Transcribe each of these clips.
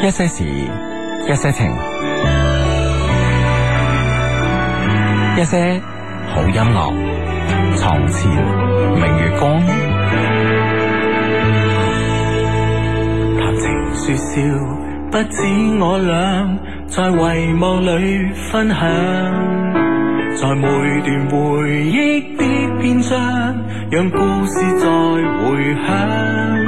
一些事，一些情，一些好音樂，床前明月光，談情說笑，不止我倆在帷幕裏分享，在每段回憶的篇章，讓故事再回響。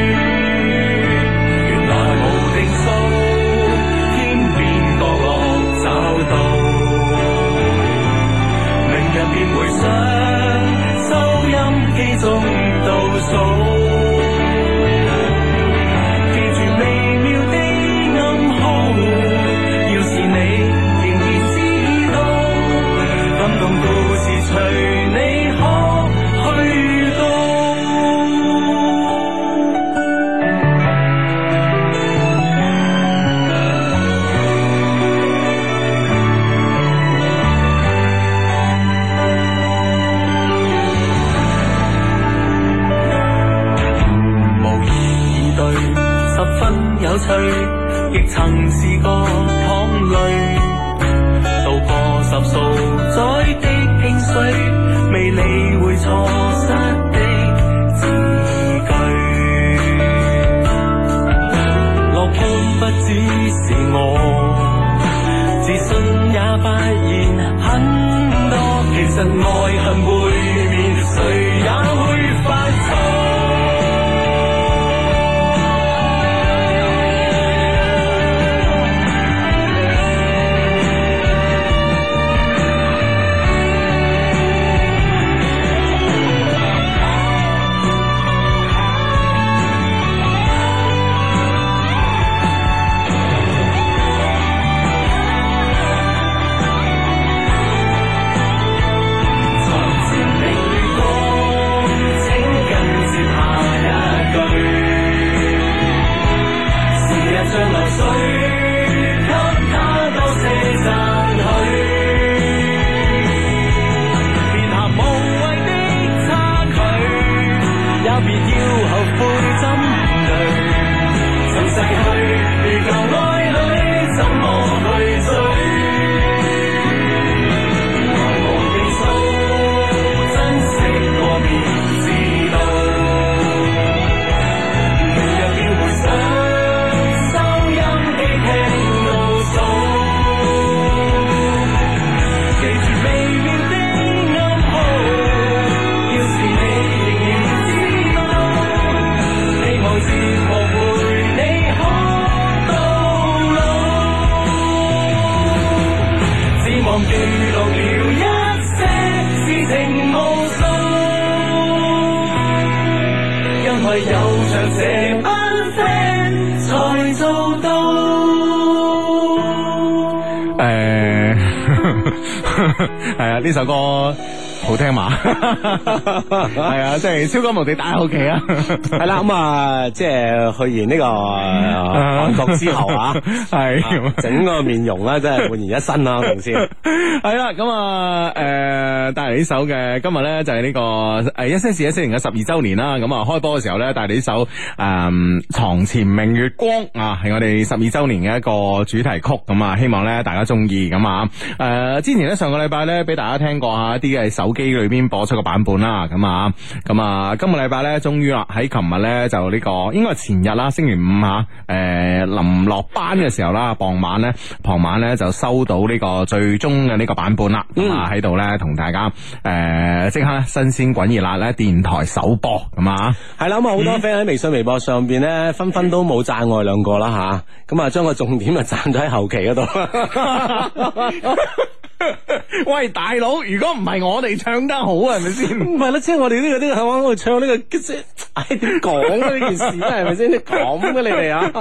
回想收音機中倒數，記住微妙的暗號。要是你仍然知道，感動故事隨。亦曾試過淌淚，渡過十數載的興衰，未理會錯失的字句。落空 不只是我，自信也發現很多。其實愛恨背面水。即係超哥無地打喺屋企啊！係 啦，咁啊，即係去完呢個韓國之後啊，係整個面容咧，真係煥然一新啦，係咪先？係啦，咁啊。.帶嚟呢首嘅今日呢，就係、是、呢、這個誒一些事一些情嘅十二周年啦，咁、嗯、啊開波嘅時候呢，帶嚟呢首誒床前明月光啊，係我哋十二周年嘅一個主題曲，咁、嗯、啊希望呢大家中意，咁啊誒之前呢，上個禮拜呢，俾大家聽過下啲喺手機裏邊播出嘅版本啦，咁、嗯嗯、啊咁啊今個禮拜呢，終於啦喺琴日呢，就呢、這個應該係前日啦，星期五吓誒。啊呃臨落班嘅時候啦，傍晚咧，傍晚咧就收到呢個最終嘅呢個版本啦，咁啊喺度咧同大家誒即刻新鮮滾熱辣咧電台首播，咁啊係啦，咁啊好多 friend 喺微信、微博上邊咧紛紛都冇讚我哋兩個啦吓，咁啊將個重點啊讚咗喺後期嗰度。 喂，大佬，如果唔係我哋唱得好是是、 就是、是是啊，係咪先？唔係啦，即係我哋呢個啲，係嘛，我哋唱呢個，即係，唉，點講咧？呢件事真係，係咪先？咁嘅你哋啊，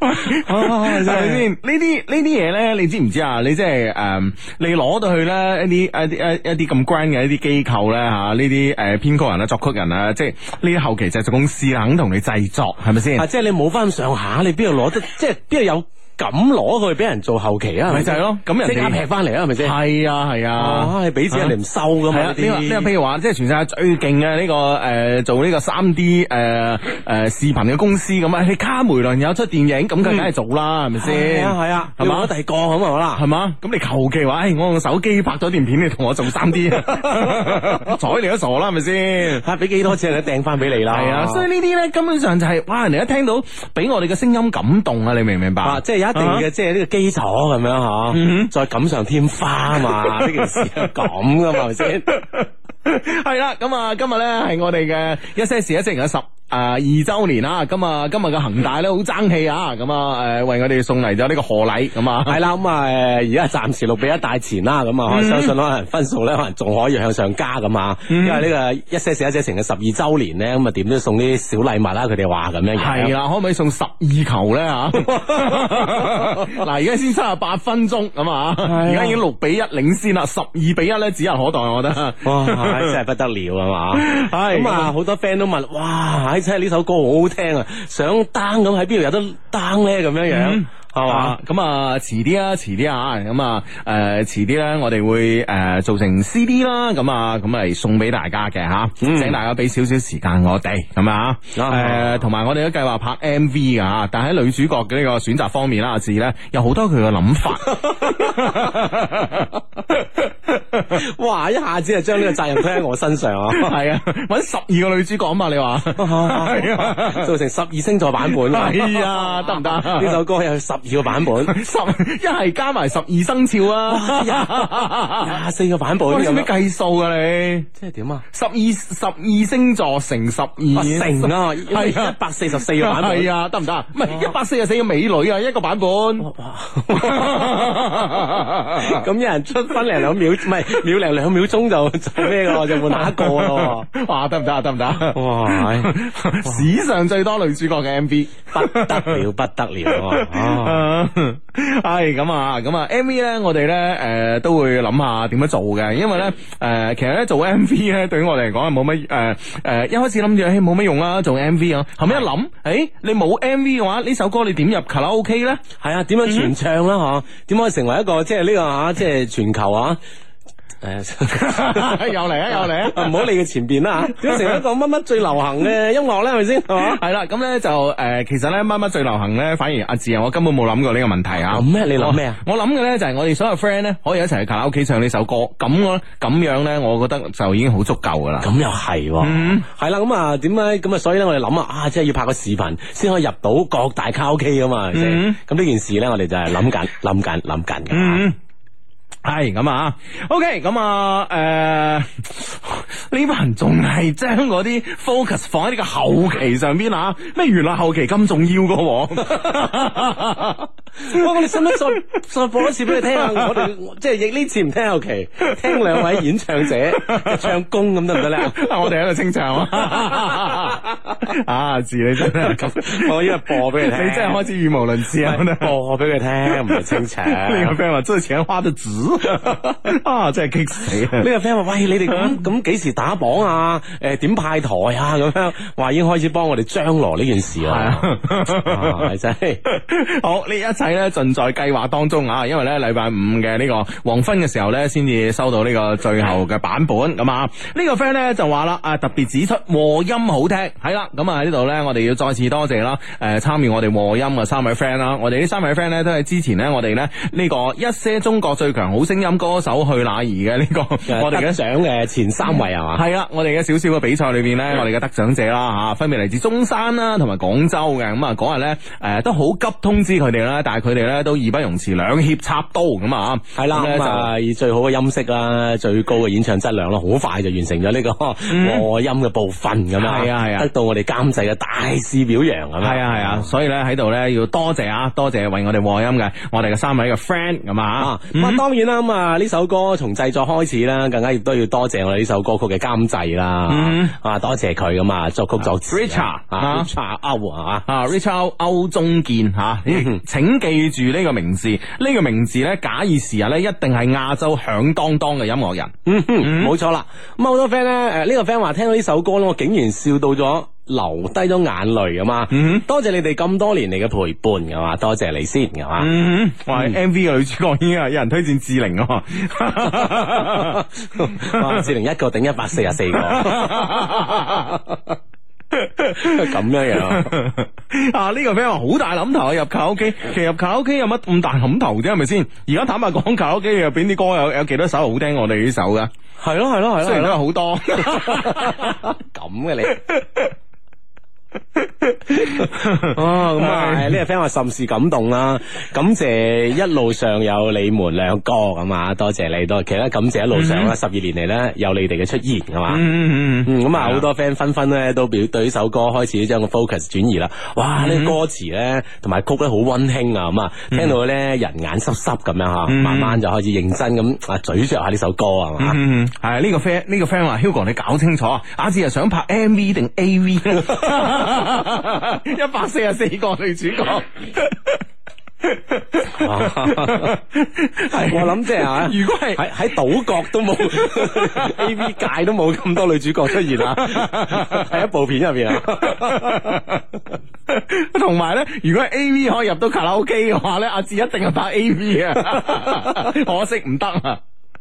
係咪先？ 呢啲呢啲嘢咧，你知唔知、就是嗯、啊？你即係誒，你攞到去咧，這這一啲一啲一啲咁 grand 嘅一啲機構咧，吓呢啲誒編曲人啊、作曲人啊，即係呢啲後期製作公司肯同你製作，係咪先？啊，即、就、係、是、你冇翻、 啊就是、上下，你邊度攞得？即係邊度有？咁攞去俾人做後期啊，咪就係咯，咁又即刻劈翻嚟啊，係咪先？係啊係啊，唉，俾錢人哋唔收噶嘛？呢啲即係譬如話，即係全世界最勁嘅呢個誒做呢個三 D 誒誒視頻嘅公司咁啊，你卡梅倫有出電影咁，佢梗係做啦，係咪先？係啊係啊，做咗第個咁啊啦，係嘛？咁你求其話，我用手機拍咗段片，你同我做三 D，啊！睬你都傻啦，係咪先？啊，俾幾多錢你掟翻俾你啦？係啊，所以呢啲咧根本上就係哇，人哋一聽到俾我哋嘅聲音感動啊，你明唔明白？即係一定嘅，即係呢個基礎咁樣吓，uh huh. 再錦上添花啊嘛，呢件 事咁噶，嘛，係咪先？係啦，咁啊、 嗯，今日咧係我哋嘅一些事一些情嘅十誒、呃、二周年啊！咁啊，今日嘅恒大咧好爭氣啊！咁啊， 誒為我哋送嚟咗呢個賀禮咁啊，係啦，咁啊，而家暫時六比一大前啦，咁、嗯、啊，嗯、我相信我哋呢可能分數咧可能仲可以向上加咁啊，嗯、因為呢個一些事一些情嘅十二周年咧，咁啊點都送啲小禮物啦，佢哋話咁樣。係啦， 可唔可以送十二球咧？吓， 嗱，而家先三十八分鐘咁啊，而家已經六比一領先啦，十二比一咧指日可待，我覺得。 係真係不得了啊嘛！咁啊，好多 friend 都問， 哇！唉，真係呢首歌好好聽啊，想 down 咁喺邊度有得 download 咧？咁、嗯、樣吧、嗯呃、v, 樣係嘛？咁啊，遲啲啊，遲啲啊，咁啊，誒，遲啲咧，我哋會誒做成 CD 啦，咁啊，咁嚟送俾大家嘅吓，請大家俾少少時間、嗯嗯、我哋，係咪啊？誒，同埋我哋都計劃拍 MV 噶吓，但喺女主角嘅呢個選擇方面啦，阿志咧有好多佢嘅諗法。 哇！一下子就將呢個責任推喺我身上啊，係啊，搵十二個女主角嘛，你話，做成十二星座版本，係啊，得唔得？呢首歌有十二個版本，十一係加埋十二生肖啊，廿四個版本，有咩計數啊？你，即係點啊？十二十二星座乘十二乘啊，係一百四十四個版本，啊，得唔得？唔係一百四十四個美女啊，一個版本，咁一人出分嚟兩秒。唔係秒零兩秒鐘就就咩咯，就換下一個咯。 哇，得唔得啊？得唔得？哇！ 史上最多女主角嘅 M V， 不得了，不得了啊！係、哎、咁啊，咁啊，M V 咧，我哋咧，誒、呃，都會諗下點樣做嘅。因為咧，誒、呃，其實咧，做 M V 咧，對於我哋嚟講係冇乜，誒，誒、呃呃，一開始諗住，嘿、欸，冇乜用啦、啊，做 M V 啊。後尾是一諗，誒、欸，你冇 M V 嘅話，呢首歌你點入卡拉 O K 咧？係啊，點樣全唱啦、啊？嗬、嗯，點可以成為一個即係呢個吓，即係、啊、全球啊？誒，又嚟啊，又嚟啊！唔好理佢前邊啦吓，點解成一個乜乜最流行嘅音樂咧？係咪先？係啦，咁咧就誒，其實咧乜乜最流行咧，反而阿志啊，我根本冇諗過呢個問題啊！咩？你諗咩啊？我諗嘅咧就係我哋所有 friend 咧可以一齊去卡拉 OK 唱呢首歌，咁我咁樣咧，我覺得就已經好足夠噶啦。咁又係，係啦，咁啊，點解咁啊？所以咧，我哋諗啊，啊，即係要拍個視頻先可以入到各大卡拉 OK 噶嘛，係咪先？咁呢件事咧，我哋就係諗緊，諗緊，諗緊。係咁啊，OK，咁啊，誒、okay, 啊，呢班人仲係將啲 focus 放喺呢個後期上邊啊，咩原來後期咁重要噶、啊？ 我哋使唔使再再播一次俾你聽啊？我哋即係呢次唔聽後期，okay, 聽兩位演唱者唱功咁得唔得咧？我哋喺度清唱啊！字你， 你，你真係咁我依度播俾你聽， 你真係開始語無倫次啊！播俾佢聽唔係清唱。呢個 friend 話真係請花都主啊！真係激死呢個 friend 話喂，你哋咁咁幾時打榜啊？誒，點派台啊？咁樣話已經開始幫我哋張羅呢件事啦。係啊，係好呢一。咧，在盡在計劃當中啊！因為咧，禮拜五嘅呢個黃昏嘅時候咧，先至收到呢個最後嘅版本。咁啊的，呢、這個 friend 咧就話啦，啊特別指出和音好聽，係啦。咁啊，喺呢度咧，我哋要再次多謝啦，誒、呃、參與我哋和音嘅三位 friend 啦。我哋呢三位 friend 咧都係之前呢、這個，我哋呢呢個一些中國最強好聲音歌手去哪兒嘅呢、這個我哋嘅獎嘅前三位係嘛？係啦， 我哋嘅小小嘅比賽裏邊呢，嗯、我哋嘅得獎者啦嚇、啊，分別嚟自中山啦同埋廣州嘅。咁啊嗰日咧誒都好急通知佢哋啦。但係佢哋咧都義不容辭，兩脅插刀咁啊，係啦，就係以最好嘅音色啦，最高嘅演唱質量啦，好快就完成咗呢個和音嘅部分咁樣，係啊係啊，得到我哋監製嘅大肆表揚咁樣，係啊係啊，所以咧喺度咧要多謝啊，多謝為我哋和音嘅我哋嘅三位嘅 friend 咁啊，咁啊當然啦咁啊呢首歌從製作開始啦，更加亦都要多謝我哋呢首歌曲嘅監製啦，啊多謝佢咁啊作曲作詞 Richard 歐啊 Richard 歐中健。吓，請。記住呢個名字，呢、這個名字咧假以時日咧，一定係亞洲響當當嘅音樂人。 嗯哼，冇錯啦。咁好多 friend 咧，誒、這、呢個 friend 話聽到呢首歌咧，我竟然笑到咗，流低咗眼淚啊嘛。嗯、哼多謝你哋咁多年嚟嘅陪伴噶嘛，多謝你先噶嘛。我係、嗯嗯、MV 嘅女主角，已經有人推薦志玲啊嘛。志 玲、 哦、一個頂一百四啊四個。 咁 樣嘢而 啊！呢個 friend 話好大諗頭啊，入卡屋企，其實入卡屋企有乜咁大諗頭啫？係咪先？而家坦白講，卡屋企入邊啲歌有有幾多首好聽我首？我哋呢首噶係咯係咯係咯，雖然都係好多咁嘅你。 哦咁啊，呢、嗯、是是個 friend 話 甚是感動啦，感謝一路上有你們兩個咁啊，多謝你多，其實感謝一路上啦，嗯、十二年嚟咧有你哋嘅出現係嘛？咁啊好多 friend 紛紛咧都表對呢首歌開始將個 focus 轉移啦，哇呢、嗯、歌詞咧同埋曲咧好溫馨啊咁啊，聽到咧人眼濕濕咁樣吓，嗯、慢慢就開始認真咁啊咀嚼下呢首歌係嘛？係呢、嗯這個 friend 呢個 friend 話 Hugo 你搞清楚啊，阿志係想拍 MV 定 AV？ 一百四十四個女主角， 我諗即係啊！ 如果係喺島國都冇 A V 界都冇咁多女主角出現啊！喺 一部片入邊啊，同埋咧，如果係 A V 可以入到卡拉 OK 嘅話咧，阿志一定係打 A V 啊！ 可惜唔得啊！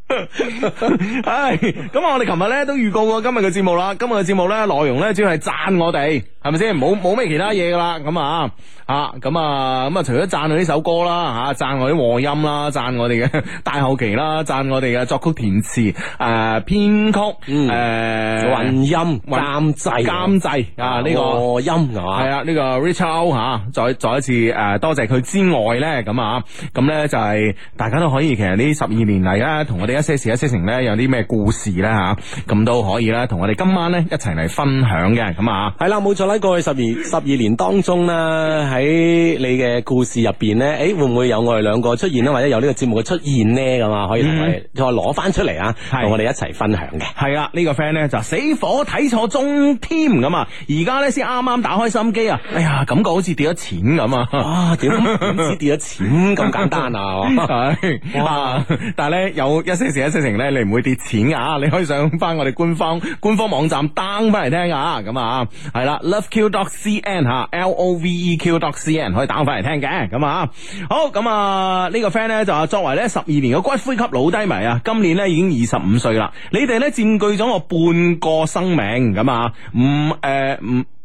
唉，咁啊、mm，我哋琴日咧都預告過今日嘅節目啦。今日嘅節目咧內容咧主要係讚我哋，係咪先？冇冇咩其他嘢噶啦。咁啊吓，咁啊咁啊，除咗讚佢呢首歌啦，吓，讚我啲和音啦，讚我哋嘅大後期啦，讚我哋嘅作曲填詞，誒，編曲誒，混音監制監製啊呢個和音係啊呢個 Richard 吓再再一次誒多謝佢之外咧咁啊咁咧就係大家都可以其實呢十二年嚟，咧同我哋。時一些事呢、啊呢，一些情咧，有啲咩故事咧吓，咁都可以咧，同我哋今晚咧一齊嚟分享嘅，咁啊，係啦，冇錯啦，過去十二十二年當中啦，喺你嘅故事入邊咧，誒、欸，會唔會有我哋兩個出現咧，或者有呢個節目嘅出現呢？咁、嗯、啊，可以同嚟，再攞翻出嚟啊，同我哋一齊分享嘅，係啊，這個、呢個 friend 咧就死火睇錯鐘添，咁啊，而家咧先啱啱打開心機啊，哎呀，感覺好似跌咗錢咁啊，哇、啊，點只跌咗錢咁簡單啊，係 但係咧有，有一一些事一些情咧，你唔會跌錢噶，你可以上翻我哋官方官方網站 down 翻嚟聽啊！咁啊，係啦，loveq.cn 吓，l o v e q. dot c n 可以 down 翻嚟聽嘅。咁啊，好，咁啊、這個、呢個 friend 咧就作為咧十二年嘅骨灰級老低迷啊，今年咧已經二十五歲啦。你哋咧佔據咗我半個生命，咁啊，唔誒唔。呃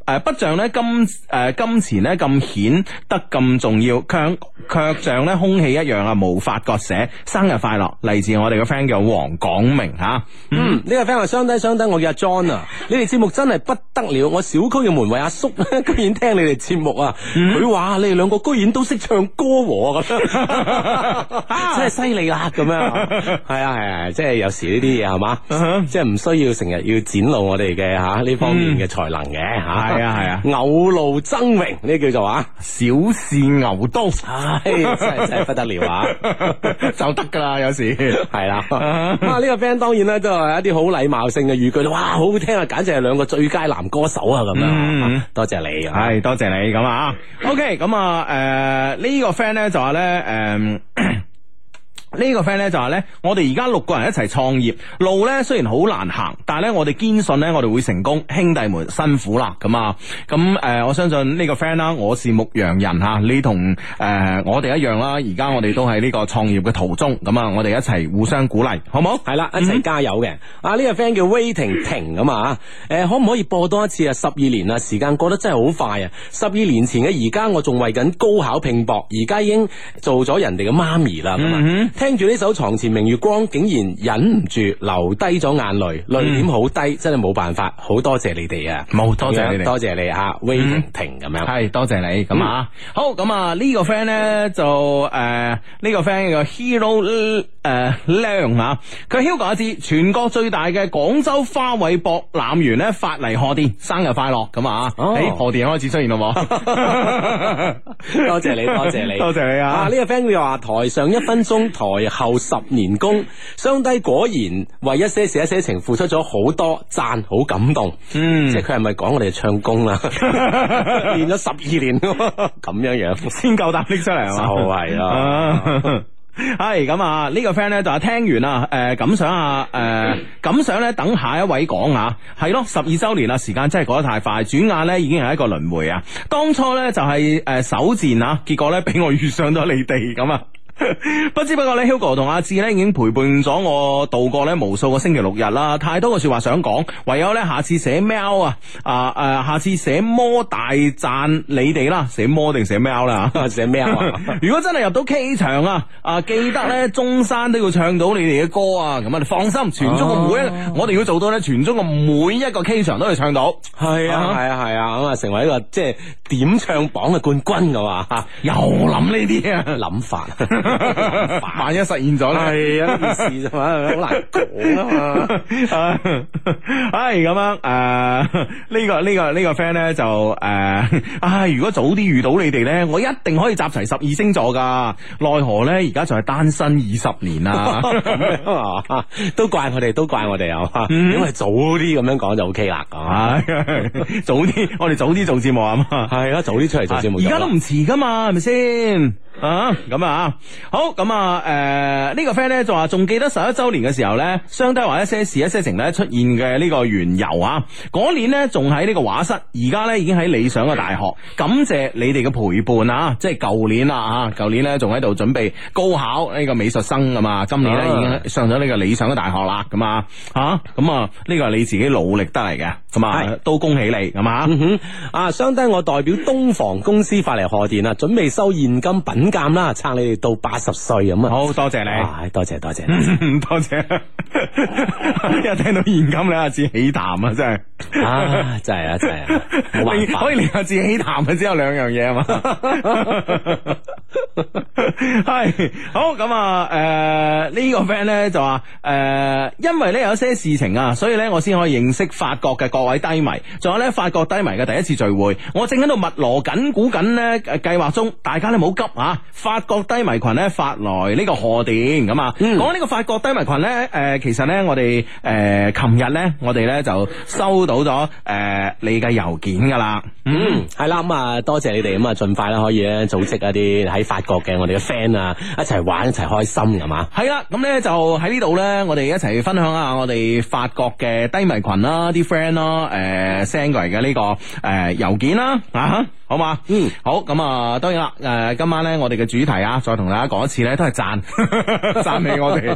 誒，不、啊、像咧金誒、啊、金錢咧咁顯得咁重要，卻卻像咧空氣一樣啊，無法割捨。生日快樂，嚟自我哋個 friend 叫黃廣明吓、啊。嗯，呢、嗯這個 friend 話相等相等，我叫阿 John 啊。你哋節目真係不得了，我小區嘅門衛阿、啊、叔居然聽你哋節目啊。佢話、嗯、你哋兩個居然都識唱歌喎，我覺得、啊、 真係犀利啦。咁 樣係啊係，即係、啊啊就是、有時呢啲嘢係嘛，即係唔需要成日要展露我哋嘅吓呢方面嘅才能嘅吓。啊啊啊 係啊係啊，牛露爭榮呢叫做啊，小試牛刀，唉、 哎、真係真係不得了啊， 就得噶啦，有時係啦。啊呢、 啊這個 friend 當然咧都係一啲好禮貌性嘅語句啦，哇，好好聽啊，簡直係兩個最佳男歌手啊咁樣、嗯啊。多謝你，係是、啊、多謝你咁啊。OK，咁、嗯、啊，誒、呃、呢、這個 friend 咧就話咧，誒、嗯。個呢個 friend 咧就係咧，我哋而家六個人一齊創業，路咧雖然好難行，但係咧我哋堅信咧我哋會成功，兄弟們辛苦啦咁啊！咁誒、啊呃，我相信呢個 friend 啦、啊，我是牧羊人吓、啊，你同誒、呃、我哋一樣啦、啊，而家我哋都係呢個創業嘅途中，咁啊，我哋一齊互相鼓勵，好唔好？係啦，一齊加油嘅。嗯、啊，呢、這個 friend 叫 waiting 停咁、嗯嗯、啊誒，可唔可以播多一次啊？十二年啊，時間過得真係好快啊！十二年前嘅而家，我仲為緊高考拼搏，而家已經做咗人哋嘅媽咪啦。聽住呢首床前明月光，竟然忍唔住流低咗眼淚，淚點好低，真係冇辦法，好、啊、多謝你哋啊！冇多謝你，哋們，多謝你啊！威明婷咁樣，係多謝你咁、嗯、啊！好咁啊，這個、呢、呃這個 friend 咧就誒，呢個 friend 個 hero 誒亮啊，佢 hero 我全國最大嘅廣州花卉博覽園咧發嚟賀電，生日快樂咁啊！喺賀、哦欸、電開始出現，出然好冇， 多謝你，多謝你，多謝你啊！呢、啊這個 friend 又話台上一分鐘台。台後十年功，相帝果然為一些事、一些情付出咗好多讚，讚好感動。嗯，即係佢係咪講我哋唱功啊？練咗 十二年咁 樣樣子， 先夠膽拎出嚟 啊！就係咯，係咁啊！呢、 啊這個 friend 咧就聽完啊，誒、呃，咁想啊，誒、呃，咁想咧，等下一位講啊，係咯，十二周年啦，時間真係過得太快，轉眼咧已經係一個輪回啊！當初咧就係誒首戰啊，結果咧俾我遇上咗你哋咁啊！ 不知不覺咧，Hugo 同阿志咧已經陪伴咗我度過咧無數個星期六日啦。太多個說話想講，唯有咧下次寫貓啊，啊誒，下次寫魔大讚你哋啦，寫魔定寫喵啦吓，寫喵 喵、啊。 如果真係入到 K 場啊，啊記得咧中山都要唱到你哋嘅歌啊。咁啊，你放心，全中國每一，啊、我哋要做到咧，全中國每一個 K 場都去唱到。係啊，係啊，係啊，咁啊，啊，啊，成為一個即係、就是、點唱榜嘅冠軍嘅嘛。又諗呢啲啊諗法。 萬一 實現咗咧，係一件事嘛，好難講啊嘛。係咁樣誒，uh, 這個這個這個、呢個呢個呢個 friend 咧就誒，唉、uh, 哎，如果早啲遇到你哋咧，我一定可以集齊十二星座噶。奈何咧，而家就係單身二十年啦、 啊，都怪我哋，都怪我哋啊！是是嗯、因為早啲咁樣講就 OK 啦，係嘛、 哎？早啲，我哋早啲做節目啊嘛，係、 哎哎、啊，早啲出嚟做節目，而家都唔遲噶嘛，係咪先啊？咁啊！啊好咁，呃這個，啊！誒，呢個 friend 咧就話仲記得十一周年嘅時候咧，雙低話一些事一些情咧出現嘅呢個緣由啊！嗰年咧仲喺呢個畫室，而家咧已經喺理想嘅大學，感謝你哋嘅陪伴啊！即係舊年啦啊，舊年咧仲喺度準備高考呢個美術生噶嘛，啊，今年咧已經上咗呢個理想嘅大學啦，咁啊吓咁啊呢，啊這個係你自己努力得嚟嘅，咁啊是都恭喜你，咁吧、嗯、啊，啊雙低，我代表東房公司發嚟賀電啊，準備收現金品鑒啦，撐你哋到。八十歲咁啊，好多謝你，多謝多謝，多謝！一、嗯、 聽到現金咧，阿志喜談啊，真係，真係啊，真係啊，可以可以連阿志喜談啊，只有兩樣嘢啊嘛，係 好咁啊，誒、呃這個、呢個 friend 咧就話誒、呃，因為咧有一些事情啊，所以咧我先可以認識法國嘅各位低迷，仲有咧法國低迷嘅第一次聚會，我正喺度密鑼緊、羅緊鼓緊咧計劃中，大家咧唔好急啊，法國低迷群。咧發來呢個賀電咁啊，講呢個法國低迷群咧，誒，其實咧我哋誒，琴日咧我哋咧就收到咗誒，你嘅郵件噶啦，嗯，係啦，咁啊多謝你哋，咁啊盡快啦，可以咧組織一啲喺法國嘅我哋嘅 friend 啊，一齊玩一齊開心，係嘛，係啦，咁咧就喺呢度咧，我哋一齊分享下我哋法國嘅低迷群啦，啲 friend 啦，誒 send 過嚟嘅呢個誒郵件啦，啊。好嘛、嗯，嗯，好，咁啊，當然啦，誒、呃，今晚咧，我哋嘅主題啊，再同大家講一次咧，都係讚，讚 美我哋，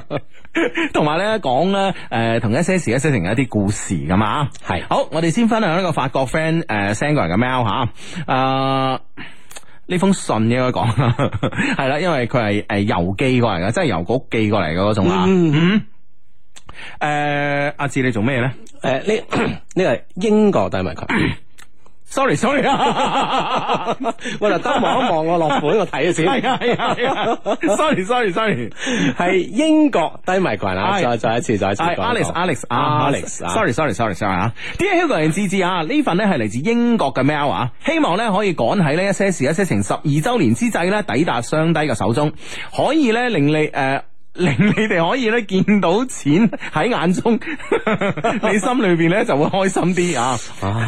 同埋咧講咧，誒、呃，同一，事一些事、一些情嘅一啲故事咁啊，係，好，我哋先分享一個法國 friend，誒，send 過嚟嘅 mail 吓，啊，呢封信應該講，係啦，因為佢係誒郵寄過嚟嘅，即係郵局寄過嚟嘅嗰種啊，嗯嗯，誒、嗯嗯呃，阿志你做咩咧？誒、呃，呢呢個係英國大民群。 sorry sorry 啊，我就得望一望我落款我睇下先，係啊係啊，sorry sorry sorry，係英國低迷群啊，再再一次再一次，Alex Alex Alex，sorry sorry sorry sorry 啊，Dear Hugo and Z Z 啊，呢份咧係嚟自英國嘅 mail 啊，希望咧可以趕喺咧一些事一些情十二周年之際咧抵達雙低嘅手中，可以咧令你誒。令你哋可以咧見到錢喺眼中， 你心裏邊咧就會開心啲啊！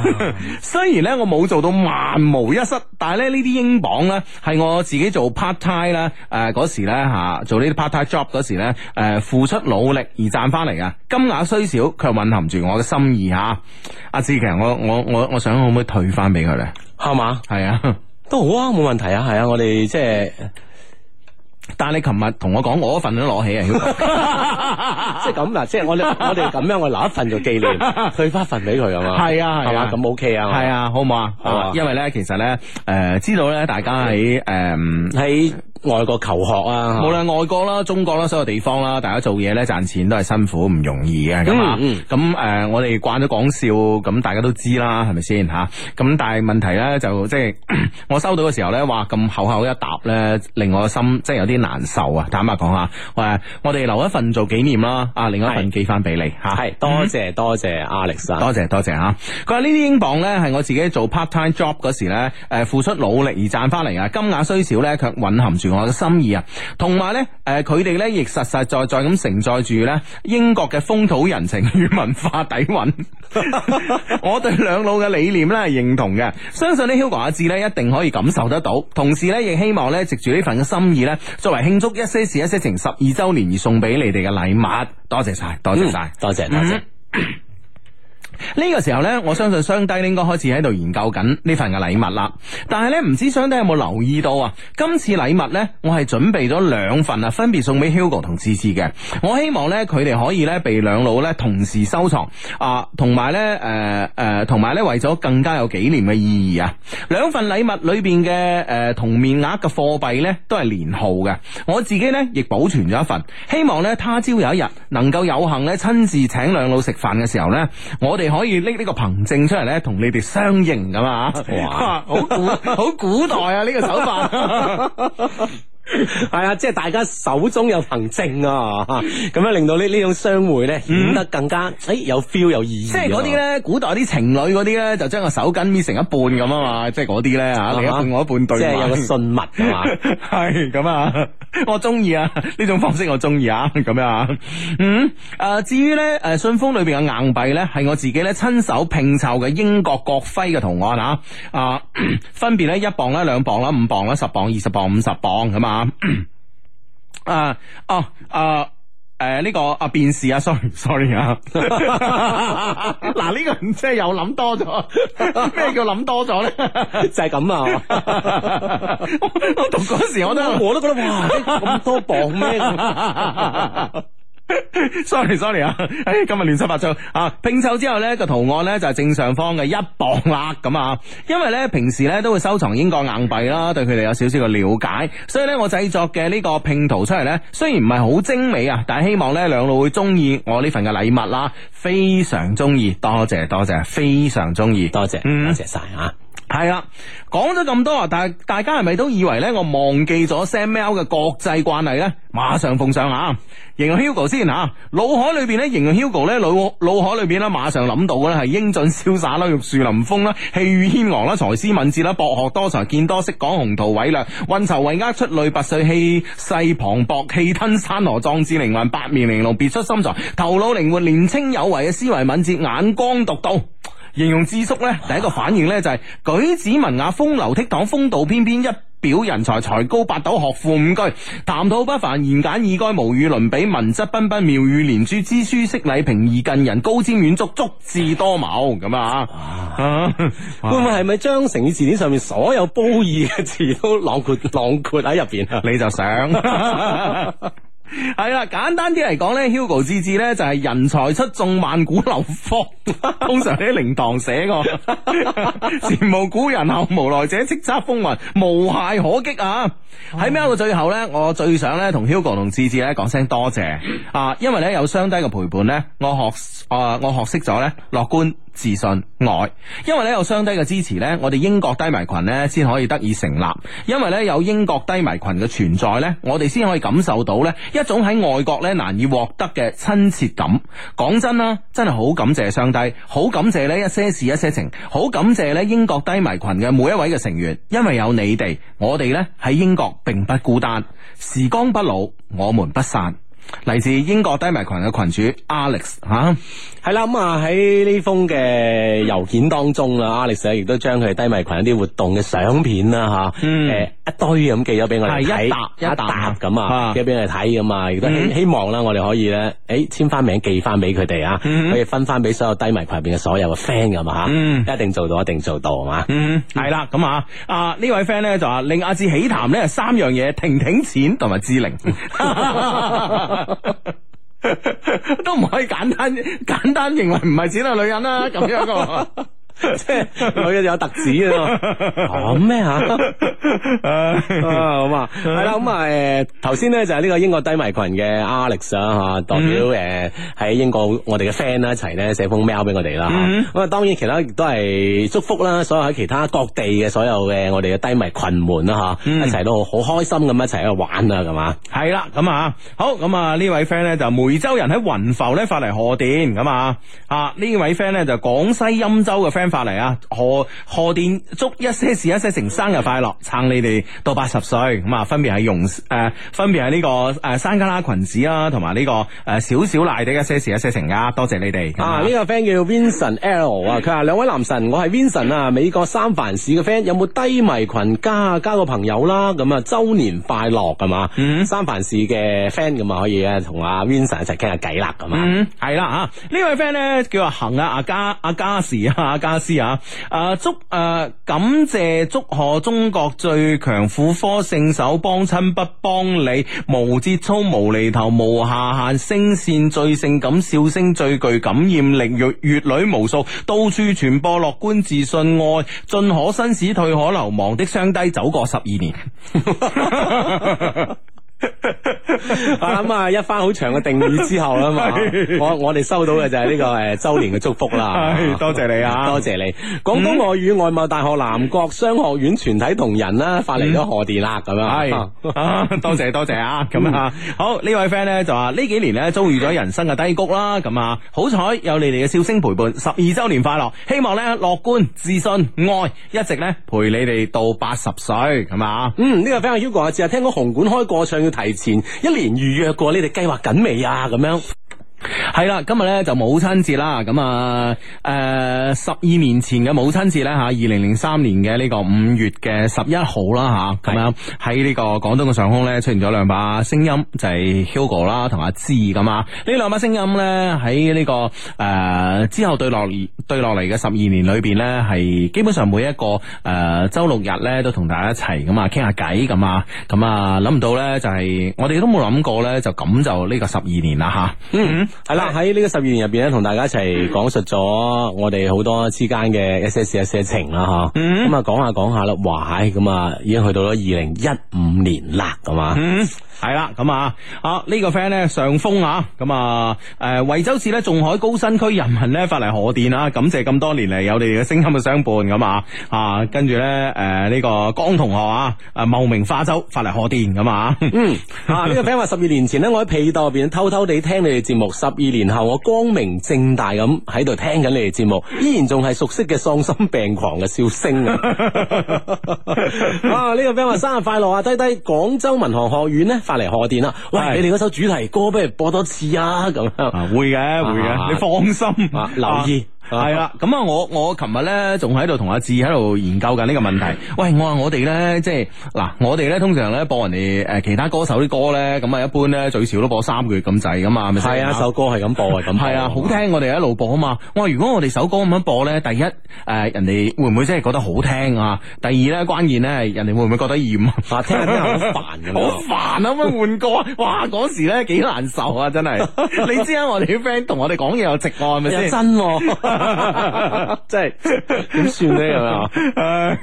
雖然咧我冇做到萬無一失，但係咧呢啲英鎊咧係我自己做 part time 啦，誒嗰、呃、時咧嚇、啊、做呢啲 part time job 嗰時咧誒、啊、付出努力而賺翻嚟啊。金額雖少，卻藴含住我嘅心意嚇。阿志其實我我我我想我可唔可以退翻俾佢咧？係嘛吧？係啊，都好啊，冇問題啊，係啊，我哋即係。但你琴日同我講，我份都攞起啊！ 即係咁嗱，即係我我哋咁樣，我留一份做紀念，退翻份俾佢啊嘛？係啊係啊，咁、啊、OK 啊？係啊，好唔好啊？好啊，因為咧，其實咧，誒、呃，知道咧，大家喺誒喺。是呃外國求學啊，無論外國啦、中國啦，所有地方啦，大家做嘢咧賺錢都係辛苦唔容易嘅。咁啊，咁誒，我哋慣咗講笑，咁大家都知啦，係咪先吓？咁但係問題咧，就即係我收到嘅時候咧，哇，咁厚厚一沓咧，令我心即係有啲難受啊！坦白講啊，喂，我哋留一份做紀念啦，啊，另一份寄翻俾你吓。係多謝多謝阿力多謝多謝吓。佢話呢啲英鎊咧係我自己做 part time job 嗰時咧，誒付出努力而賺翻嚟啊，金額雖少咧，卻蘊含住。 我嘅心意啊，同埋呢，誒、呃，佢哋呢亦實實在在咁承載住呢英國嘅風土人情與文化底蘊。 我對兩老嘅理念呢係認同嘅，相信呢 Hugo 阿智呢一定可以感受得到。同時呢，亦希望呢藉住呢份嘅心意呢，作為慶祝一些事、一些情十二周年而送俾你哋嘅禮物。多謝晒，多謝晒，多謝多謝。 呢個時候呢，我相信雙低應該開始喺度研究緊呢份嘅禮物啦。但係呢，唔知雙低有冇留意到啊？今次禮物呢，我係準備咗兩份啊，分別送俾 Hugo 同志志嘅。我希望呢，佢哋可以呢，被兩老呢同時收藏啊，同埋呢，誒、呃、誒，同埋呢為咗更加有紀念嘅意義啊，兩份禮物裏邊嘅誒同面額嘅貨幣呢，都係連號嘅。我自己呢，亦保存咗一份，希望呢，他朝有一日能夠有幸呢，親自請兩老食飯嘅時候呢。我哋。可以拎呢個憑證出嚟咧，同你哋相認噶嘛？哇！好古 好古代啊，呢 個手法。 係啊，即係 大家手中有憑證啊，咁樣令到種會呢呢種相會咧顯得更加誒有 feel 有意義、啊。嗯、即係嗰啲咧，古代啲情侶嗰啲咧，就將個手巾搣成一半咁啊嘛，即係嗰啲咧吓，另外、啊、一,一半對。即係有個信物啊嘛，係咁 啊， 我中意啊，呢種方式我中意啊，咁樣啊，嗯，誒、啊，至於咧，誒，信封裏邊嘅硬幣咧，係我自己咧親手拼湊嘅英國國徽嘅圖案啊，啊，分別咧一磅啦、兩磅啦、五磅啦、十磅、二十磅、五十磅咁啊。咁啊哦啊誒呢、啊啊這個啊辨識啊，sorry sorry 啊，嗱、 啊這個、呢個真係又諗多咗，咩叫諗多咗咧？就係咁啊！我讀嗰時 我都我都覺得哇咁、欸、多磅咩？ sorry sorry 啊，今日亂七八糟啊，拼湊之後呢個圖案呢，就係、是、正上方嘅一磅啦咁啊，因為呢平時呢都會收藏英國硬幣啦，對佢哋有少少嘅了解，所以呢，我製作嘅呢個拼圖出嚟呢，雖然唔係好精美啊，但係希望呢兩老會中意我呢份嘅禮物啦，非常中意，多謝多謝，非常中意，多謝，多謝晒、嗯、啊。係啦，講咗咁多啊，但大家係咪都以為呢？我忘記咗 Samuel 嘅國際慣例呢？馬上奉上啊，形容 Hugo 先吓，腦、啊、海裏邊呢，形容 Hugo 咧，腦海裏邊呢，馬上諗到嘅咧係英俊瀟灑啦，玉樹臨風啦，氣宇軒昂啦，才思敏捷啦，博學多才，見多識廣，雄圖偉略，運籌帷幄，出類拔萃，氣勢磅礴，氣吞山河，壯志凌雲，八面玲瓏，別出心裁，頭腦靈活，年青有為嘅思維敏捷，眼光獨到。形容智叔呢，第一個反應呢、就是，就係舉止文雅、風流倜儻、風度翩翩、一表人才、才高八斗、學富五車，談吐不凡、言簡意賅、無與倫比、文質彬彬、妙語連珠、知書識禮、平易近人、高瞻遠矚、足智多謀咁啊！會唔會係咪將成語字典上面所有褒義嘅詞都囊括囊括喺入邊？面你就想。 係啦，簡單啲嚟講呢 Hugo 志志呢就係人才出眾，萬古流芳， 通常喺靈堂寫過前無古人後無來者，叱咤風雲，無懈可擊啊！喺咩嘢最後呢，我最想呢同 Hugo 同志志呢講聲多謝啊，因為呢有雙低嘅陪伴呢，我學啊我學識咗呢樂觀。自信愛，因為咧有雙低嘅支持咧，我哋英國低迷群咧先可以得以成立。因為咧有英國低迷群嘅存在咧，我哋先可以感受到咧一種喺外國咧難以獲得嘅親切感。講真啦，真係好感謝雙低，好感謝呢一些事一些情，好感謝咧英國低迷群嘅每一位嘅成員，因為有你哋，我哋咧喺英國並不孤單。時光不老，我們不散。嚟自英國低迷群嘅群主 Alex 吓，係啦咁啊喺呢封嘅郵件當中啊，Alex 亦都將佢低迷群啲活動嘅相片啦吓，誒一堆咁寄咗俾我哋睇，一沓一沓咁啊，寄俾我哋睇咁啊，亦都希望啦，我哋可以咧，誒簽翻名，寄翻俾佢哋啊，可以分翻俾所有低迷群入邊嘅所有嘅 friend 係嘛，一定做到一定做到係嘛，係啦咁啊，啊呢位 friend 咧就話令阿志喜談咧三樣嘢，婷婷錢同埋志玲。都唔可以簡單簡單認為唔係只係女人啦，咁樣㗎。即係佢有特指啊！講咩吓？啊咁啊，係啦咁啊，誒，頭先咧就係呢個英國低迷群嘅 Alex 啊吓，代表誒喺英國我哋嘅 friend 啦一齊咧寫封 mail 俾我哋啦咁啊，嗯、當然其他亦都係祝福啦，所有喺其他各地嘅所有嘅我哋嘅低迷群們啦吓，一齊都好開心咁一齊喺度玩啊，係嘛、嗯？係啦，咁 啊，好咁啊，呢位 friend 咧就梅州人喺雲浮咧發嚟賀電咁啊，啊呢位 friend 咧就廣西欽州嘅 friend。發嚟啊！賀賀電祝一些事一些情生日快樂，撐你哋到八十歲咁啊！分別係用誒，分別係呢個誒山旮旯裙子啊，同埋呢個誒少少賴地一些事一些情啊多謝你哋啊！呢、這個 friend 叫 Vincent L 啊、嗯，佢話兩位男神，我係 Vincent 啊，美國三藩市嘅 friend，有冇低迷群加交個朋友啦？咁、嗯、啊，周年快樂係嘛？嗯，三藩市嘅 friend 咁啊，可、這、以、個、啊，同阿 Vincent 一齊傾下偈啦，咁啊，係啦吓呢位 friend 咧叫阿恒啊，阿加阿加士啊，阿、啊、加。啊！祝啊祝誒感謝祝賀中國最強婦科聖手，幫親不幫你，無節操、無厘頭、無下限，聲線最性感，笑聲最具感染力，閱閱女無數，到處傳播樂觀自信愛，進可紳士退可流亡的雙低，走過十二年。 我 諗 啊，一番好長嘅定義，之後啦嘛， 是我我哋收到嘅就係呢、這個誒、呃、周年嘅祝福啦。 多謝你啊，多謝你，廣東外語外貿大學南國商學院全體同仁啦、啊，發嚟咗賀電啦，咁樣係啊，多謝多謝啊，咁啊， 好呢位 friend 咧就話呢幾年咧遭遇咗人生嘅低谷啦，咁啊好彩有你哋嘅笑聲陪伴，十二周年快樂，希望咧樂觀、自信、愛一直咧陪你哋到八十歲，咁啊，嗯，呢、這個 friend Hugo 啊，只係聽講紅館開過唱。提前一年預約過，你哋計劃緊未啊？咁樣。係啦，今日咧就母親節啦，咁、呃、啊，誒，十二年前嘅母親節咧吓，二零零三年嘅呢個五月嘅十一號啦吓，咁樣喺呢個廣東嘅上空咧出現咗兩把聲音，就係、是、Hugo 啦同阿志咁啊，兩聲呢兩把聲音咧喺呢個誒、呃、之後對落對落嚟嘅十二年裏邊咧，係基本上每一個誒周、呃、六日咧都同大家一齊咁啊傾下偈咁啊，咁啊諗唔到咧就係、是、我哋都冇諗過咧就咁就呢個十二年啦吓，啊、嗯。係啦，喺呢個十二年入邊咧，同大家一齊講述咗我哋好多之間嘅一些事、一些情啦，吓咁啊，講下講下啦，哇，咁啊，已經去到咗二零一五年啦，係嘛，係啦，咁啊，啊呢個 friend 咧，上風啊，咁啊，誒，惠州市咧，仲海高新區人民咧，發嚟賀電啦，感謝咁多年嚟有你哋嘅聲音嘅相伴，咁啊，啊，跟住咧，誒，呢個江同學啊，誒，茂名化州發嚟賀電，咁啊，嗯，啊呢個 friend 話十二年前咧，我喺被袋入邊偷偷地聽你哋節目。十二年後，我光明正大咁喺度聽緊你哋節目，依然仲係熟悉嘅喪心病狂嘅笑聲啊！ 啊，呢、這個咩話生日快樂啊，低低廣州民航學院呢，發嚟賀電啊！喂，是你哋嗰首主題歌不如播多次啊！咁啊會嘅會嘅，啊、你放心、啊、留意。啊啊係啦，咁啊，我我琴日咧仲喺度同阿志喺度研究緊呢個問題。喂，我話我哋咧，即係嗱，我哋咧通常咧播人哋誒其他歌手啲歌咧，咁啊一般咧最少都播三個月咁滯噶嘛，係咪先？係啊，首歌係咁播係咁。係啊，好聽我哋一路播啊嘛。我話如果我哋首歌咁樣播咧，第一誒人哋會唔會真係覺得好聽啊？第二咧關鍵咧，人哋會唔會覺得厭啊？聽好煩噶。好煩啊！咁樣換歌，哇嗰時咧幾難受啊！真係，你知啦，我哋啲 friend 同我哋講嘢有直喎，咪真喎。即係點算呢？係嘛？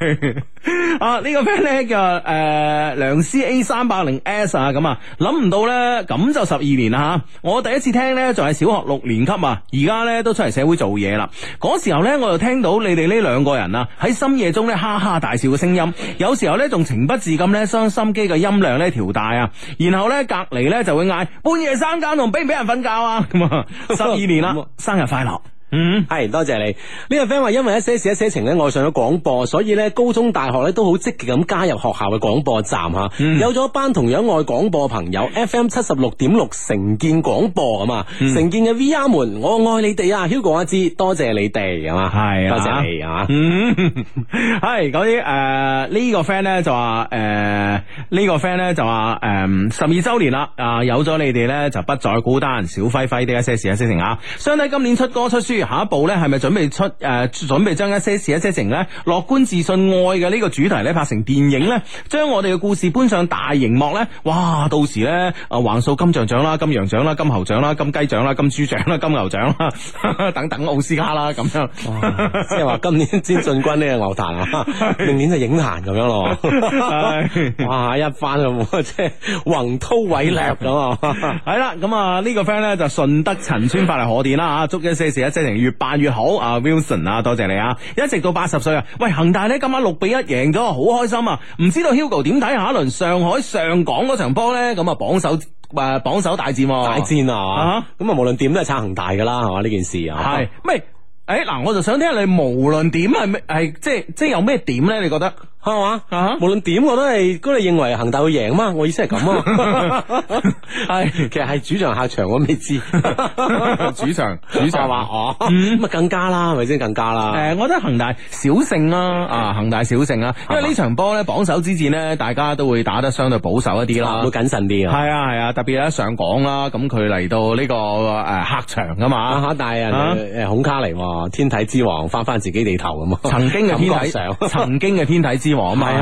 啊！呢個 friend 咧叫誒梁思 A 三八零 S 啊，咁啊，諗唔到呢，咁就十二年啦吓！我第一次聽呢，就係小學六年級啊，而家呢，都出嚟社會做嘢啦。嗰時候呢，我就聽到你哋呢兩個人啊喺深夜中呢，哈哈大笑嘅聲音，有時候呢，仲情不自禁呢，傷心機嘅音量呢調大啊，然後呢，隔籬呢，就會嗌，半夜三更同俾唔俾人瞓覺啊！十二年啦，生日快樂！嗯，係、mm hmm. 多謝你。呢、呢個 friend 話因為一些事、一些情咧愛上咗廣播，所以咧高中、大學咧都好積極咁加入學校嘅廣播站吓、mm hmm. 啊。有咗一班同樣愛廣播嘅朋友、mm hmm.，FM 七十六點六城建廣播啊嘛。城、mm hmm. 建嘅 V R 們，我愛你哋啊！Hugo 阿芝多謝你哋，係啊，係、啊、多謝你啊！係嗰啲誒、呢、hmm. 呃呢個 friend 咧就話誒、呢、呃呢個 friend 咧就話誒、呃，十二周年啦，啊、呃、有咗你哋咧就不再孤單，小輝輝啲一些事，事、一些情啊，相睇今年出歌出書。出書。下一步咧，係咪準備出誒、呃？準備將一些事一些情咧，樂觀自信愛嘅呢個主題咧，拍成電影咧，將我哋嘅故事搬上大熒幕咧，哇！到時咧，橫、呃、掃金像獎啦、金羊獎啦、金猴獎啦、金雞獎啦、金豬獎啦、金牛獎啦等等奧斯卡啦咁樣，哇 即係話今年先進軍呢個牛壇， 明年就影壇咁樣咯。 哇！一翻咁，即係宏圖偉略咁啊！係啦，咁、這、啊、個、呢個 friend 咧就順德陳村發嚟賀電啦吓、啊，祝一些事一些。 越辦越好啊，Wilson 啊，多謝你啊！一直到八十歲啊，喂，恒大呢？今晚六比一贏咗，好開心啊！唔知道 Hugo 點睇下一輪上海上港嗰場波呢？咁啊榜首誒，榜首大戰啊！大戰啊！咁啊，無論點都係撐恒大噶啦，係嘛呢件事啊？係，喂誒嗱，我就想聽下你無論點係咩係即係即係有咩點呢？你覺得？係嘛，無論點我都係，哥你認為恒大會贏嘛？我意思係咁啊，係其實係主場客場我未知，主場主場嘛，哦，咁啊更加啦，係咪先更加啦？誒，我覺得恒大小勝啦，啊恒大小勝啦，因為呢場波咧榜首之戰呢，大家都會打得相對保守一啲啦，會謹慎啲啊。係啊係啊，特別咧上港啦，咁佢嚟到呢個誒客場噶嘛吓，但係誒孔卡嚟，天體之王返返自己地頭咁啊，曾經嘅天體，曾經嘅天體之。係啊，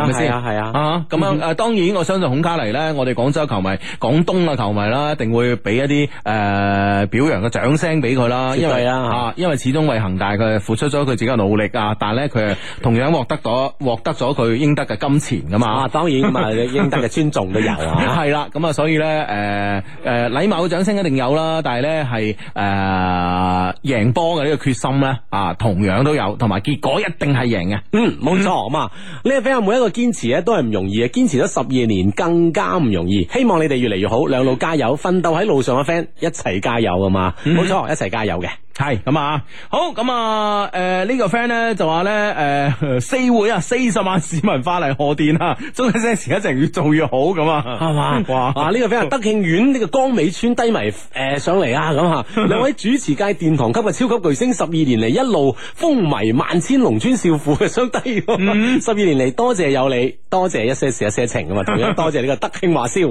係啊，係啊，啊咁樣誒，當然我相信孔卡嚟咧，我哋廣州球迷、廣東嘅球迷啦，一定會俾一啲誒表揚嘅掌聲俾佢啦，因為啊，因為始終為恒大佢付出咗佢自己嘅努力啊，但係咧佢同樣獲得咗獲得咗佢應得嘅金錢㗎嘛啊，當然咁啊應得嘅尊重都有啊，係啦，咁啊所以咧誒誒禮貌嘅掌聲一定有啦，但係咧係誒贏波嘅呢個決心咧啊同樣都有，同埋結果一定係贏嘅，嗯冇錯啊嘛呢一。下每一個堅持咧都係唔容易嘅，堅持咗十二年更加唔容易。希望你哋越嚟越好，兩路加油，奮鬥喺路上嘅 friend 一齊加油啊嘛！冇錯、嗯，一齊加油嘅。係咁啊，好咁啊，誒、呃這個、呢個 friend 咧就話咧，誒、呃、四會啊，四十萬市民返嚟賀電啊，祝一些事，一些情越做越好咁啊，係嘛，哇，啊呢個 friend 啊，這個、德慶苑呢個江尾村低迷誒、呃、上嚟啊，咁啊，兩 位主持界殿堂級嘅超級巨星，十二年嚟一路風靡萬千農村少婦嘅雙低、啊，十二、嗯、年嚟多謝有你，多謝一些事一些情咁啊同樣多謝呢個德慶華少。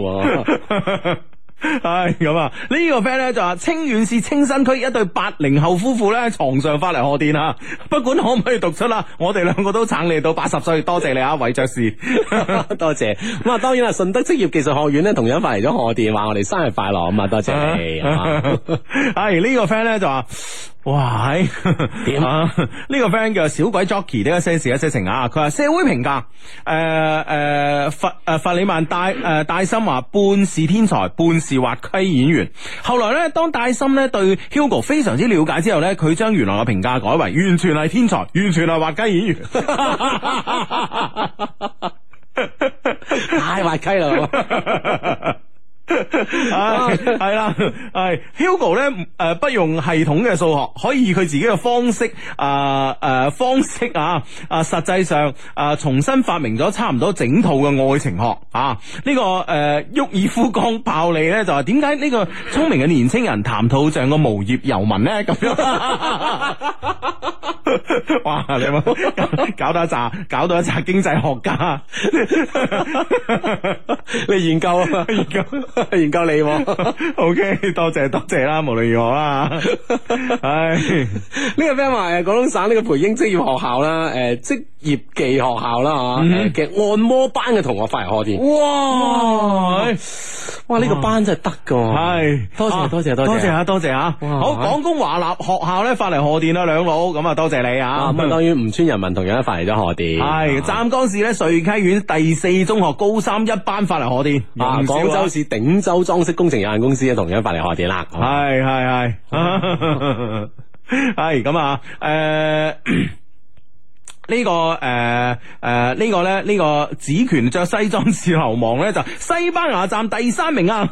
啊 係咁、哎、啊！這個、呢個 friend 咧就話清遠市清新區一對八零後夫婦咧床上發嚟賀電啊！不管可唔可以讀出啦，我哋兩個都撐你到八十歲，多謝你啊！偉爵士， 多謝咁啊、嗯！當然啦、啊，順德職業技術學院咧同樣發嚟咗賀電，話我哋生日快樂咁啊，多謝你。係呢個 friend 咧就話哇，點呢行、啊這個 friend 叫小鬼 Jockey 呢一些事一些情啊，佢話、啊、社會評價誒誒、呃呃、法誒法理曼戴誒戴森話半是天才半是。滑稽演員，後來咧，當戴森咧對 Hugo 非常之了解之後咧，佢將原來嘅評價改為完全係天才，完全係滑稽演員，太 滑稽啦！ 係啦，係 Hugo 咧，誒、uh,，不用系統嘅數學，可以以佢自己嘅方式，啊，誒，方式啊，啊、uh,，實際上，啊、uh,，重新發明咗差唔多整套嘅愛情學，啊、uh, 這個，uh, 爾江呢個誒，沃爾夫岡泡利咧就話，點解呢個聰明嘅年青人談吐像個無業遊民咧？咁樣。哇！你冇搞到一扎，搞到一扎經濟學家， 你研究啊 研究 研究你 ，OK，多謝多謝啦。無論如何啦， 唉，呢個 friend 話誒，廣東省呢個培英職業學校啦，誒、呃，即。業技學校啦吓嘅，按摩班嘅同學發嚟賀電，哇！哇呢個班真係得噶，係多謝多謝多謝啊多謝啊！好廣工華立學校咧發嚟賀電啦，兩老咁啊多謝你啊！咁啊當然吳村人民同樣發嚟咗賀電，係湛江市咧遂溪縣第四中學高三一班發嚟賀電，啊廣州市頂洲裝飾工程有限公司啊同樣發嚟賀電啦，係係係，係咁啊誒。呢個誒誒呢個咧呢個子權着西裝似流氓咧就西班牙站第三名啊！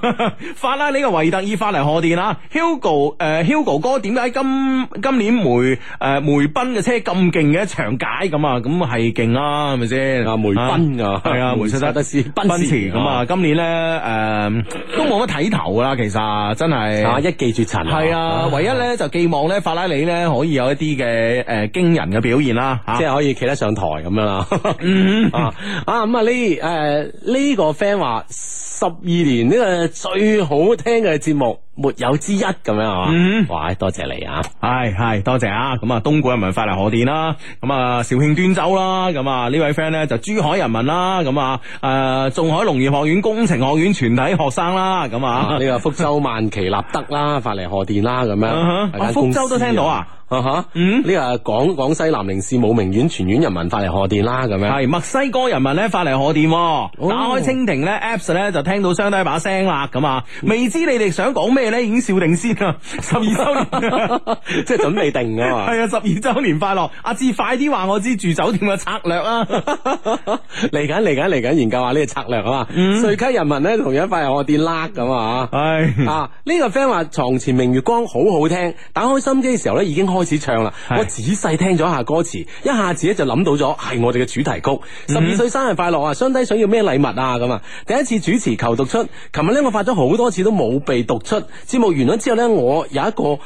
法拉利嘅維特爾翻嚟賀電啊！Hugo 誒 Hugo 哥，點解今今年梅誒梅奔嘅車咁勁嘅一場解咁啊？咁係勁啦，係咪先？啊梅奔噶係啊梅塞德斯奔馳咁啊！今年咧誒都冇乜睇頭啦，其實真係啊一騎絕塵，係啊！唯一咧就寄望咧法拉利咧可以有一啲嘅誒驚人嘅表現啦，即係可。可以企得上台咁樣啦一會兒，啊啊咁啊呢？誒呢、呃這個 friend 話十二年呢、這個最好聽嘅節目沒有之一咁樣係嘛一會兒？哇！多謝你啊，係係多謝啊。咁一啊會兒，東莞人民發嚟賀電啦，咁、嗯、啊，肇慶端州啦，咁啊呢位 friend 咧就珠海人民啦，咁啊誒仲海農業學院工程學院全體學生啦，咁、嗯、一會兒啊呢、這個福州萬祺立德啦、啊、發嚟賀電啦，咁、啊、樣啊，福州都聽到啊。啊哈，呢個廣廣西南寧市武鳴縣全縣人民發嚟賀電啦，咁樣係墨西哥人民咧發嚟賀電，哦、打開蜻蜓咧，Apps 咧就聽到相當把聲啦，咁啊，未知你哋想講咩咧，已經笑定先啦，十二周年， 即係準備定噶嘛，係啊， 十二周年快樂，阿志快啲話我知住酒店嘅策略啊，嚟緊嚟緊嚟緊研究下呢個策略啊嘛，瑞、嗯、溪人民咧同樣發嚟賀電啦，咁唉 啊，係啊，呢個 friend 話床前明月光好好聽，打開心機嘅時候咧已經開。開始唱啦，是我仔細聽咗一下歌詞，一下子咧就諗到咗係我哋嘅主題曲《十二歲生日快樂》啊！雙低想要咩禮物啊？咁啊，第一次主持求讀出，琴日咧我發咗好多次都冇被讀出，節目完咗之後咧，我有一個。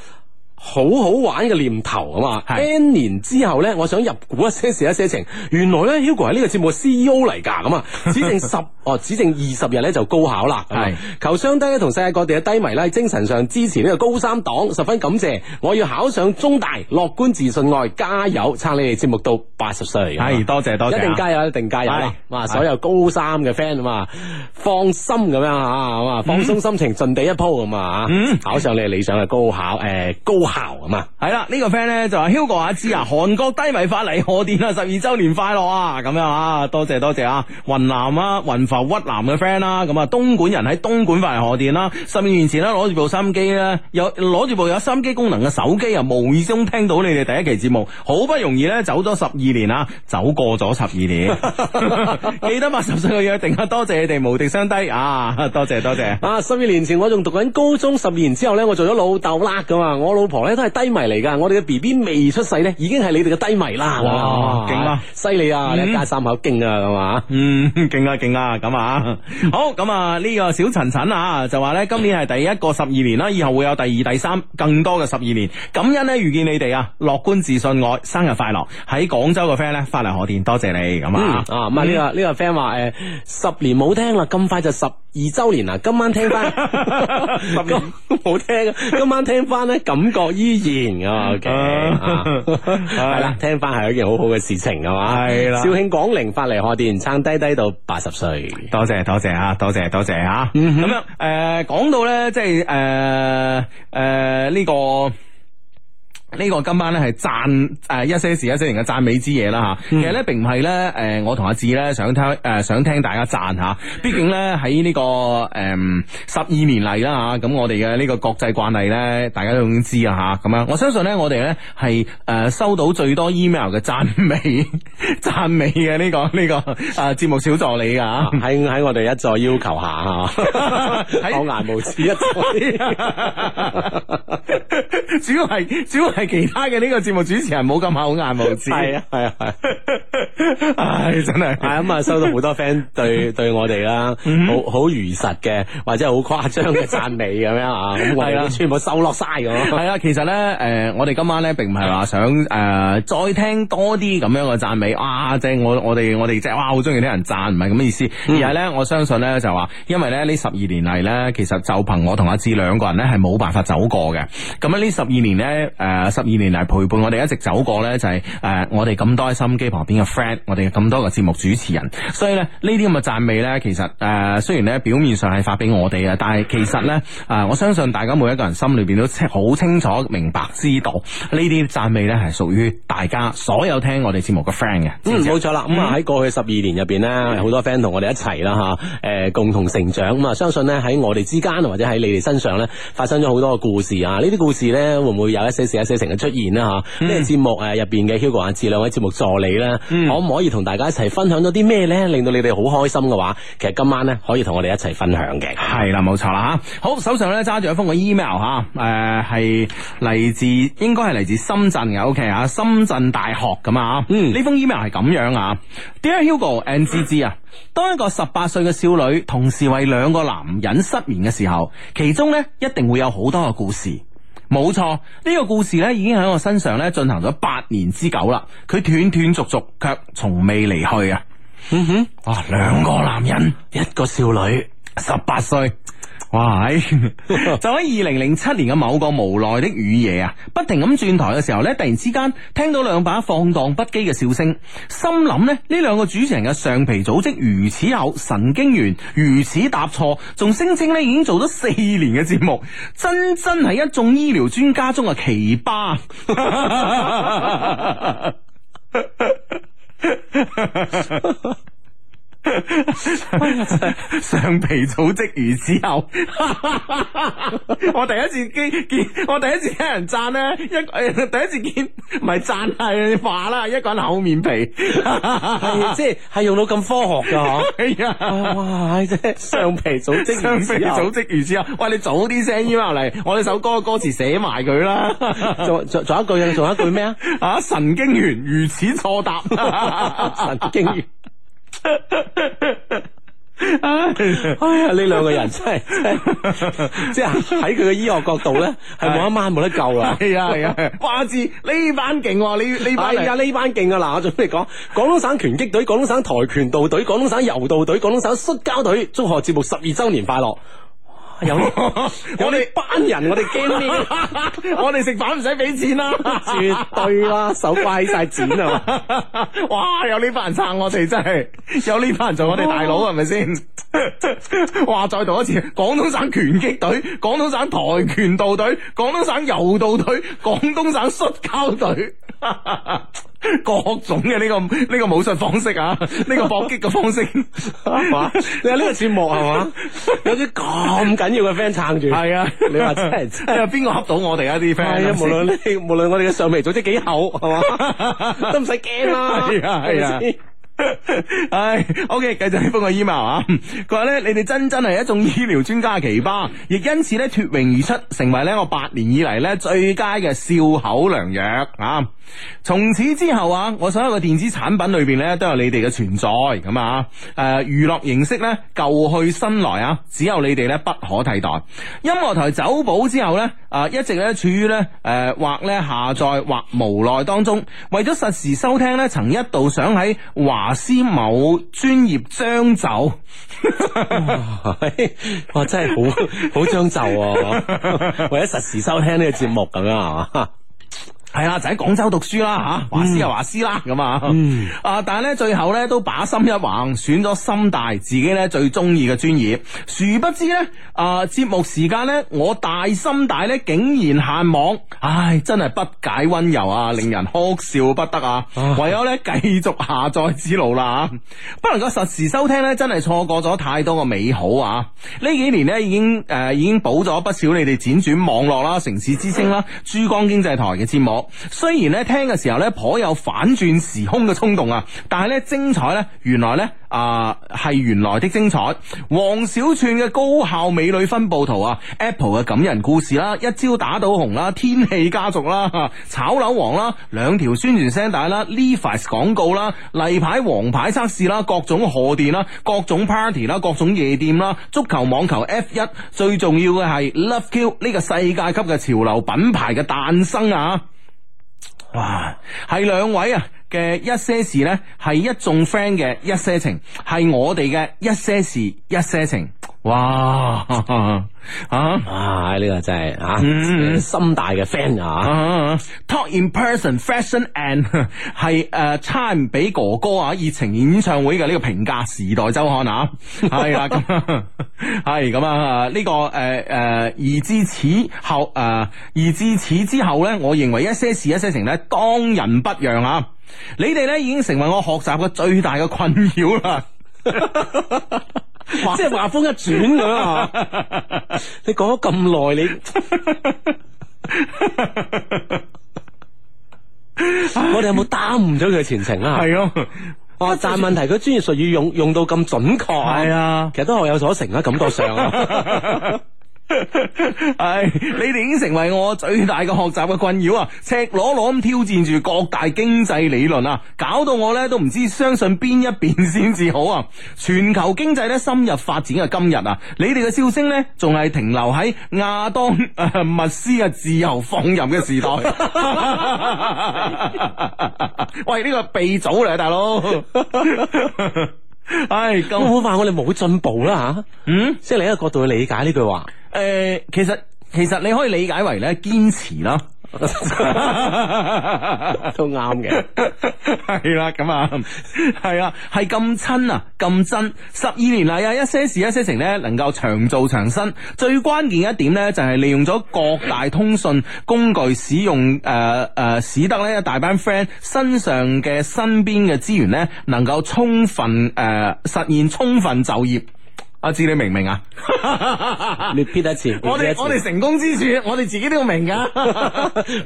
好好玩嘅念頭啊嘛是！N 年之後咧，我想入股一些事一些情。原來咧，Hugo 係呢個節目嘅 CEO 嚟㗎咁啊！只剩十 哦，只剩二十日咧就高考啦。係是求雙低同世界各地嘅低迷咧，精神上支持呢個高三黨，十分感謝。我要考上中大，樂觀自信外，外加油，撐你哋節目到八十歲。係多謝多謝，多謝一定加油，一定加油。哇是！是所有高三嘅 friend 啊嘛，放心咁樣吓，啊嗎，嗯、放鬆心情，盡地一鋪咁啊，嗯、考上你理想嘅高考，誒，高考。啊嘛，係、嗯、啦，這個、呢個 friend 咧就話 Hugo 阿芝啊，韓、啊、國低迷發嚟賀電啦，十二周年快樂啊，咁樣啊，多謝多謝啊，雲南啊，雲浮鬱南嘅 friend 啦，咁啊，東莞人喺東莞發嚟賀電啦、啊，十二年前、啊、呢，攞住部心機咧，有攞住部有心機功能嘅手機啊，無意中聽到你哋第一期節目，好不容易咧走咗十二年啊，走過咗十二年， 記得八十歲嘅約定啊，多謝你哋無敵相低啊，多謝多謝啊，十二年前我仲讀緊高中，十二年之後咧我做咗老豆啦，咁啊，我老婆。都係低迷嚟噶，我哋嘅 B B 未出世呢，已經係你哋嘅低迷啦。哇，勁哇啊，犀利、嗯、啊，一家三口勁啊，咁嘛、啊？嗯，勁啊勁啊，咁啊， 好咁啊，呢、這個小陳陳啊，就話呢今年係第一個十二年啦、啊，以後會有第二、第三更多嘅十二年。感恩呢，遇見你哋啊，樂觀自信愛，生日快樂！喺廣州嘅 friend 呢，發嚟賀電，多謝你咁啊啊！唔係呢個呢、這個 friend 話誒，十年冇聽啦，咁快就十二周年啦，今晚聽翻十年冇聽，今晚聽翻呢， 感覺。我依然㗎嘛，OK，係啦、uh, 聽翻係一件好好嘅事情啊嘛，係啦 吧。肇慶廣寧發嚟賀電，撐低低到八十歲，多謝多謝啊，多謝多謝啊，咁、嗯、哼樣誒，講、呃、到咧，即係誒誒呢個。呢個今晚咧係讚誒一些事一些人嘅讚美之夜啦吓，其實咧並唔係咧誒，我同阿志咧想聽誒想聽大家讚吓，畢竟咧喺呢個誒十二年嚟，啦吓，咁我哋嘅呢個國際慣例咧，大家都已經知啊吓，咁樣，我相信咧我哋咧係誒收到最多 email 嘅讚美讚美嘅呢、這個呢、這個誒節目小助理噶喺喺我哋一再要求下吓，口、哦、厚顏無恥一再，， 主要係主要係。其他嘅呢個節目主持人冇咁厚顏無恥，係啊係啊係，唉真係、 嗯哼，係咁啊收到好多 friend 對對我哋啦，好好如實嘅或者好誇張嘅讚美咁樣 啊，係啦全部收落晒咁，係 啊 其實咧誒我哋今晚咧並唔係話想誒再聽多啲咁樣嘅讚美，啊。 即係我我哋我哋即係哇好中意啲人讚，唔係咁嘅意思，嗯、而係咧我相信咧就話，因為咧呢十二年嚟咧，其實就憑我同阿志兩個人咧係冇辦法走過嘅，咁啊呢十二年咧誒。呃十二年嚟陪伴我哋一直走過咧、就是，就係誒我哋咁多心機旁邊嘅 friend，我哋咁多個節目主持人，所以咧呢啲咁嘅讚美咧，其實誒、呃、雖然咧表面上係發俾我哋啊，但係其實咧誒、呃、我相信大家每一個人心裏邊都清好清楚明白知道呢啲讚美咧係屬於大家所有聽我哋節目嘅 friend 嘅。嗯，冇錯啦。咁啊喺過去十二年入邊咧，好多 friend 同我哋一齊啦吓，誒共同成長。咁、嗯、啊相信咧喺我哋之間或者喺你哋身上咧，發生咗好多嘅故事啊。呢啲故事咧會唔會有一些事一些？成嘅、嗯、出現啦吓，咩、啊這個、節目誒？入、啊、邊嘅 Hugo 阿志兩位節目助理咧，嗯、可唔可以同大家一齊分享多啲咩咧？令到你哋好開心嘅話，其實今晚咧可以同我哋一齊分享嘅。係啦，冇錯啦吓、啊。好，手上咧揸住一封嘅 email 吓、啊，誒係嚟自，應該係嚟自深圳嘅 OK 吓，深圳大學咁啊。嗯，呢封 email 係咁樣啊。Dear Hugo and G G 啊，g，當一個十八歲嘅少女同時為兩個男人失眠嘅時候，其中咧一定會有好多嘅故事。冇錯，呢、這個故事咧已經喺我身上咧進行咗八年之久啦，佢斷斷續續卻從未離去啊！嗯哼，哇、啊，兩個男人，我一個少女，十八歲。哇！ 就喺二零零七年嘅某個無奈的雨夜啊，不停咁轉台嘅時候咧，突然之間聽到兩把放蕩不羈嘅笑聲，心諗咧，呢兩個主持人嘅上皮組織如此厚，神經元如此搭錯，仲聲稱咧已經做咗四年嘅節目，真真係一眾醫療專家中嘅奇葩。 上，上皮組織如此厚， 我第一次見，我第一次聽人讚咧，一個第一次見，咪讚係你話啦，一個人厚面皮， 即係用到咁科學嘅。哎呀，哇，哎，即係上皮組織如此厚。喂，你早啲聲音入嚟，我哋首歌嘅，嗯、歌詞寫埋佢啦。仲，仲有一句仲有一句咩啊？吓， 神經元如此錯答， 神經元。哎 呀，呢兩個人真係，真 即係喺佢嘅醫學角度呢，係冇 一晚冇得救噶。係啊係啊，華智呢班勁喎，呢呢班而家呢班勁啊嗱，我最尾講廣東省拳擊隊、廣東省跆拳道隊、廣東省柔道隊、廣東省摔跤隊，祝賀節目十二周年快樂。有我哋班人， 我哋驚面， 我哋食飯唔使俾錢啦， 絕對啦，手揮晒錢啊！ 哇，有呢班人撐我哋真係，有呢班人做我哋 大佬係咪先？是是 哇，再讀一次，廣東省拳擊隊，廣東省跆拳道隊，廣東省柔道隊，廣東省摔跤隊。 各種嘅呢個呢個武術方式啊，呢個搏擊嘅方式，係嘛？你話呢個節目係嘛？有啲咁緊要嘅 friend 撐住，係啊！你話真係邊個恰到我哋啊？啲 friend 係啊，無論無論我哋嘅上皮組織幾厚，係嘛？都唔使驚啦，係啊係啊。 唉，OK，繼續呢封嘅 email 啊，佢話咧，你哋真真係一種醫療專家奇葩，亦因此咧脫穎而出，成為咧我八年以嚟咧最佳嘅笑口良藥啊！從此之後啊，我所有嘅電子產品裏邊咧都有你哋嘅存在，咁啊，誒，娛樂形式咧舊去新來啊，只有你哋咧不可替代。音樂台走寶之後咧，誒、啊，一直咧處於咧誒或咧下載或無奈當中，為咗實時收聽咧，曾一度想喺華。華師某專業將就， 哇，真係好好將就啊！ 為咗實時收聽呢個節目咁樣係嘛？ 係啦、啊，就喺廣州讀書啦吓，華師又華師啦咁啊，啊但係咧最後咧都把心一橫，選咗深大自己咧最中意嘅專業，殊不知咧啊節目時間咧我大深大咧竟然限網，唉真係不解溫柔啊，令人哭笑不得啊，唯有咧繼續下載指路啦啊， 不能夠實時收聽咧，真係錯過咗太多個美好啊！呢幾年咧已經誒、呃、已經補咗不少你哋輾轉網絡啦、城市之星啦、 珠江經濟台嘅節目。雖然咧聽嘅時候咧頗有反轉時空嘅衝動啊，但係咧精彩咧原來咧啊係原來的精彩。王小串嘅高校美女分布圖啊，Apple 嘅感人故事啦，一招打到紅啦，天氣家族啦，炒樓王啦，兩條宣傳聲帶啦，Levi’s 廣告啦，例牌黃牌測試啦，各種賀電啦，各種 party 啦，各種夜店啦，足球網球 F1。最重要嘅係 Love Q 呢個世界級嘅潮流品牌嘅誕生啊！哇，係兩位啊嘅一些事咧，係一眾 friend 嘅一些情，係我哋嘅一些事一些情。哇！啊啊！呢、啊這個真係啊，嗯、心大嘅 friend 啊，啊，啊，啊，talk in person fashion and 係誒，Time 俾哥哥啊，熱情演唱會嘅呢個評價，《時代周刊啊啊》啊，係啦，係咁啊，呢、啊嗯啊這個誒誒、uh，啊，而至此後誒，而至此之後咧，我認為一些事一些情咧，當仁不讓啊！你哋咧已經成為我學習嘅最大嘅困擾啦。 即係話風一轉咁啊！你講咗咁耐，你 我哋有冇耽誤咗佢嘅前程啊？係啊！我讚問題，佢專業術語用用到咁準確，係啊，其實都學有所成啊，感覺上啊。唉、 哎，你哋已經成為我最大嘅學習嘅困擾啊！赤裸裸咁挑戰住各大經濟理論啊，搞到我咧都唔知相信邊一邊先至好啊！全球經濟咧深入發展嘅今日啊，你哋嘅笑聲呢，仲係停留喺亞當·密斯嘅自由放任嘅時代。 喂，呢、這個避早嚟，大佬。唉、 哎，咁好快麼我哋冇進步啦吓。嗯，即係另一個角度去理解呢句話。誒，其實其實你可以理解為咧 對的， 堅持啦，都啱嘅，係啦，咁啊，係啊，係咁親啊，咁真，十二年嚟啊，一些事一些情咧，能夠長做長新，最關鍵一點咧，就係利用咗各大通訊工具，使用誒誒、呃呃，使得咧一大班 friend 身上嘅身邊嘅資源咧，能夠充分誒、呃、實現充分就業。阿志，你明唔明啊？你 repeat 一次， 我哋我哋成功之處， 我哋自己都要明噶。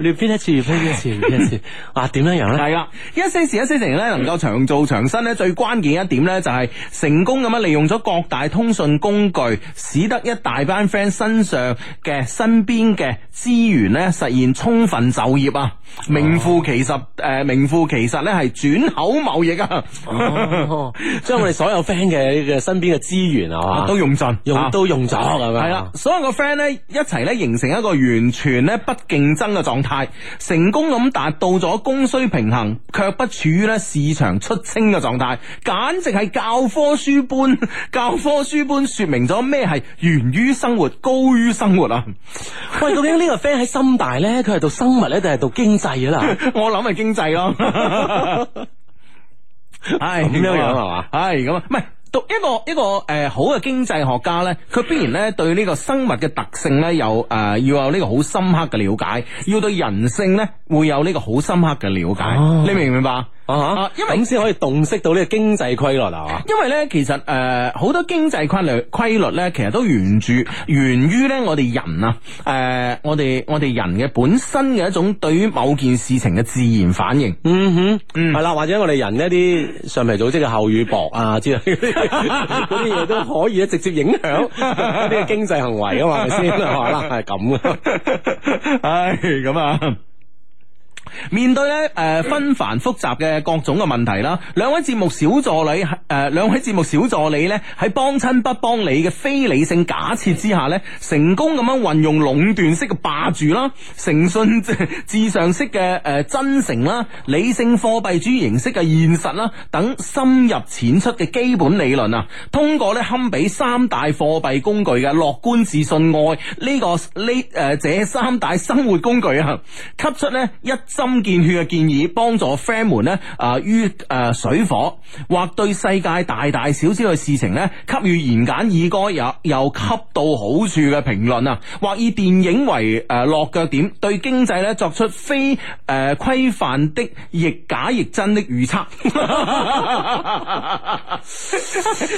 你 repeat 一次，repeat 一次，一次，次。啊，點樣樣咧？係啦，一些事，一些情咧，能夠長做長新咧，最關鍵一點咧，就係成功咁樣利用咗各大通訊工具，使得一大班 friend 身上嘅身邊嘅資源咧，實現充分就業啊！名副其實誒、啊呃，名副其實咧，係轉口貿易啊！ 哦，將我哋所有 friend 嘅嘅身邊嘅資源啊！啊、用都用盡，用都用咗係咪？係啦、啊，對所有個 friend 咧一齊咧形成一個完全咧不競爭嘅狀態，啊、成功咁達到咗供需平衡，卻不處於咧市場出清嘅狀態，簡直係教科書般，教科書般說明咗咩係源於生活高於生活啊！喂，究竟呢個 friend 喺深大咧，佢係讀生物咧定係讀經濟啊？啦， 我諗係經濟咯。係咁樣樣係嘛？係咁，唔係。讀一個一個誒、呃、好嘅經濟學家咧，佢必然咧對呢個生物嘅特性咧有誒、呃、要有呢個好深刻嘅了解，要對人性咧會有呢個好深刻嘅了解，啊、你明唔明白？啊吓，咁先可以洞悉到呢個經濟規律啊嘛。因為咧，其實誒，好多經濟規律規律咧，其實都源住源於咧我哋人啊，誒，我哋我哋人嘅本身嘅一種對於某件事情嘅自然反應。嗯哼，係啦，或者我哋人一啲上皮組織嘅厚與薄啊，之類嗰啲嗰啲嘢都可以咧，直接影響呢個經濟行為啊嘛，係咪先？係咪啦？係咁啊，係咁啊。面對咧誒、呃、紛繁複雜嘅各種嘅問題啦，兩位節目小助理誒、呃、兩位節目小助理咧喺、呃、幫親不幫理嘅非理性假設之下咧，成功咁樣運用壟斷式嘅霸住啦，誠信至上式嘅誒、呃、真誠啦，理性貨幣主義形式嘅現實啦等深入淺出嘅基本理論啊，通過咧堪比三大貨幣工具嘅樂觀自信愛呢、這個呢誒這、呃、這三大生活工具啊，給出呢。一。 心見血嘅建議，幫助 friend 們咧啊於誒水火，或對世界大大小小嘅事情咧給予言簡意賅又又恰到好處嘅評論啊，或以電影為誒、呃、落腳點，對經濟咧作出非誒規範的亦假亦真的預測，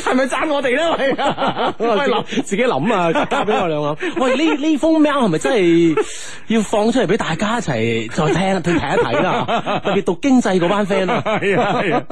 係咪讚我哋咧？喂，自己諗啊，交俾我哋兩個。喂，呢呢封 mail 係咪真係要放出嚟俾大家一齊再聽聽？睇一睇啦， 特別讀經濟嗰班 friend 啊，係啊，係啊，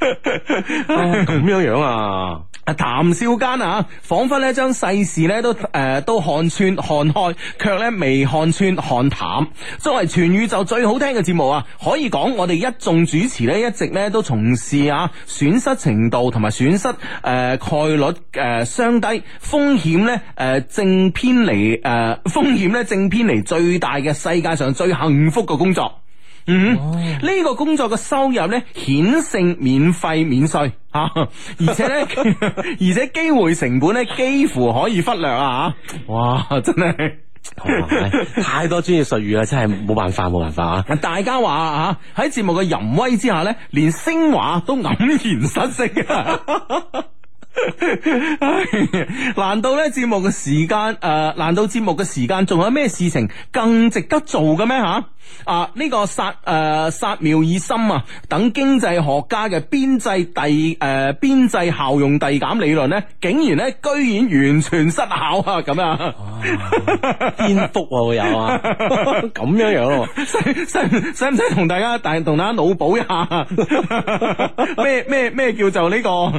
咁樣樣啊！談、啊、笑間啊，仿佛咧將世事咧都誒、呃、都看穿看開，卻咧未看穿看淡。作為全宇宙最好聽嘅節目啊，可以講我哋一眾主持咧一直咧都從事啊損失程度同埋損失誒、呃、概率誒雙、呃、低風險咧誒、呃、正偏離誒、呃、風險咧正偏離最大嘅世界上最幸福嘅工作。嗯，呢、哦、個工作嘅收入咧顯性免費免稅啊，而且咧， 而且機會成本咧幾乎可以忽略啊！哇，真係、 哎、太多專業術語啦，真係冇辦法冇辦法啊！大家話啊，喺節目嘅淫威之下咧，連升華都黯然失色啊 難節、呃！難道咧節目嘅時間誒？難道節目嘅時間仲有咩事情更值得做嘅咩？吓？啊！呢、這個薩誒薩繆爾森啊等經濟學家嘅邊際遞誒邊際效用遞減理論咧，竟然咧居然完全失效啊！咁樣、啊哦、顛覆啊！有 樣啊，咁樣樣，使使唔使同大家，但係同大家腦補一下，咩咩咩叫做呢個誒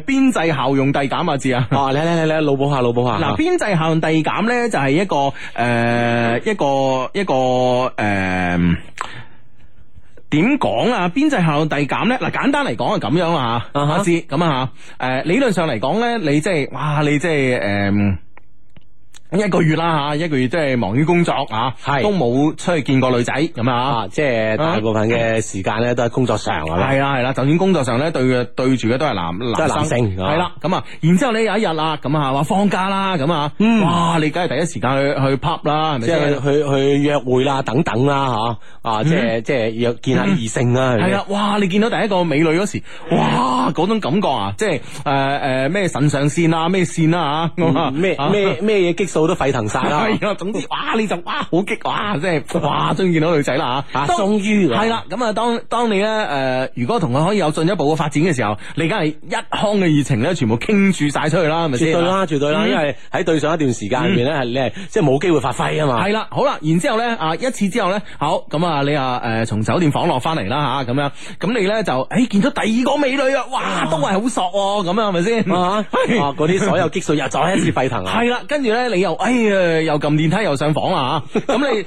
邊際效用遞減啊字啊！哦，嚟嚟嚟嚟，腦補下，腦補下。嗱，邊際效用遞減咧就係、是、一個誒、呃、一個一個誒。誒，點講、嗯、啊？編制效第減咧，嗱，簡單嚟講係咁樣、uh huh. 啊，吓，我知咁啊吓。誒，理論上嚟講咧，你即係，哇，你即係，誒、嗯。一個月啦吓，一個月都係忙於工作啊，係都冇出去見過女仔咁啊，即係大部分嘅時間咧都喺工作上啦。係啦係啦，就算工作上咧對對住嘅都係男，男性。係啦，咁啊，然之後咧有一日啊，咁啊話放假啦，咁啊，哇，你梗係第一時間去去 pub 啦，係咪？即係去去約會啦，等等啦，吓啊，即係即係約見下異性啦。係啊，哇，你見到第一個美女嗰時，哇，嗰種感覺啊，即係誒誒咩腎上腺啊，咩線啊，吓，咩咩咩嘢激素。都沸騰晒啦，總之哇你就哇好激哇，即係哇終於見到女仔啦吓，終於係啦。咁啊當當你咧誒、呃，如果同佢可以有進一步嘅發展嘅時候，你梗係一腔嘅熱情咧，全部傾住晒出去啦，係咪先？絕對啦，絕對啦，因為喺對上一段時間裏面咧、嗯，你係即係冇機會發揮啊嘛。係啦，好啦，然之後咧啊一次之後咧，好咁啊你啊誒從酒店房落翻嚟啦吓，咁樣咁你咧就誒、欸、見到第二個美女啊，哇都係好索咁啊，係咪先？ 啊嗰啲所有激素又再一次沸騰啊！係啦，跟住咧你。又哎呀，又撳電梯，又上房啊！咁你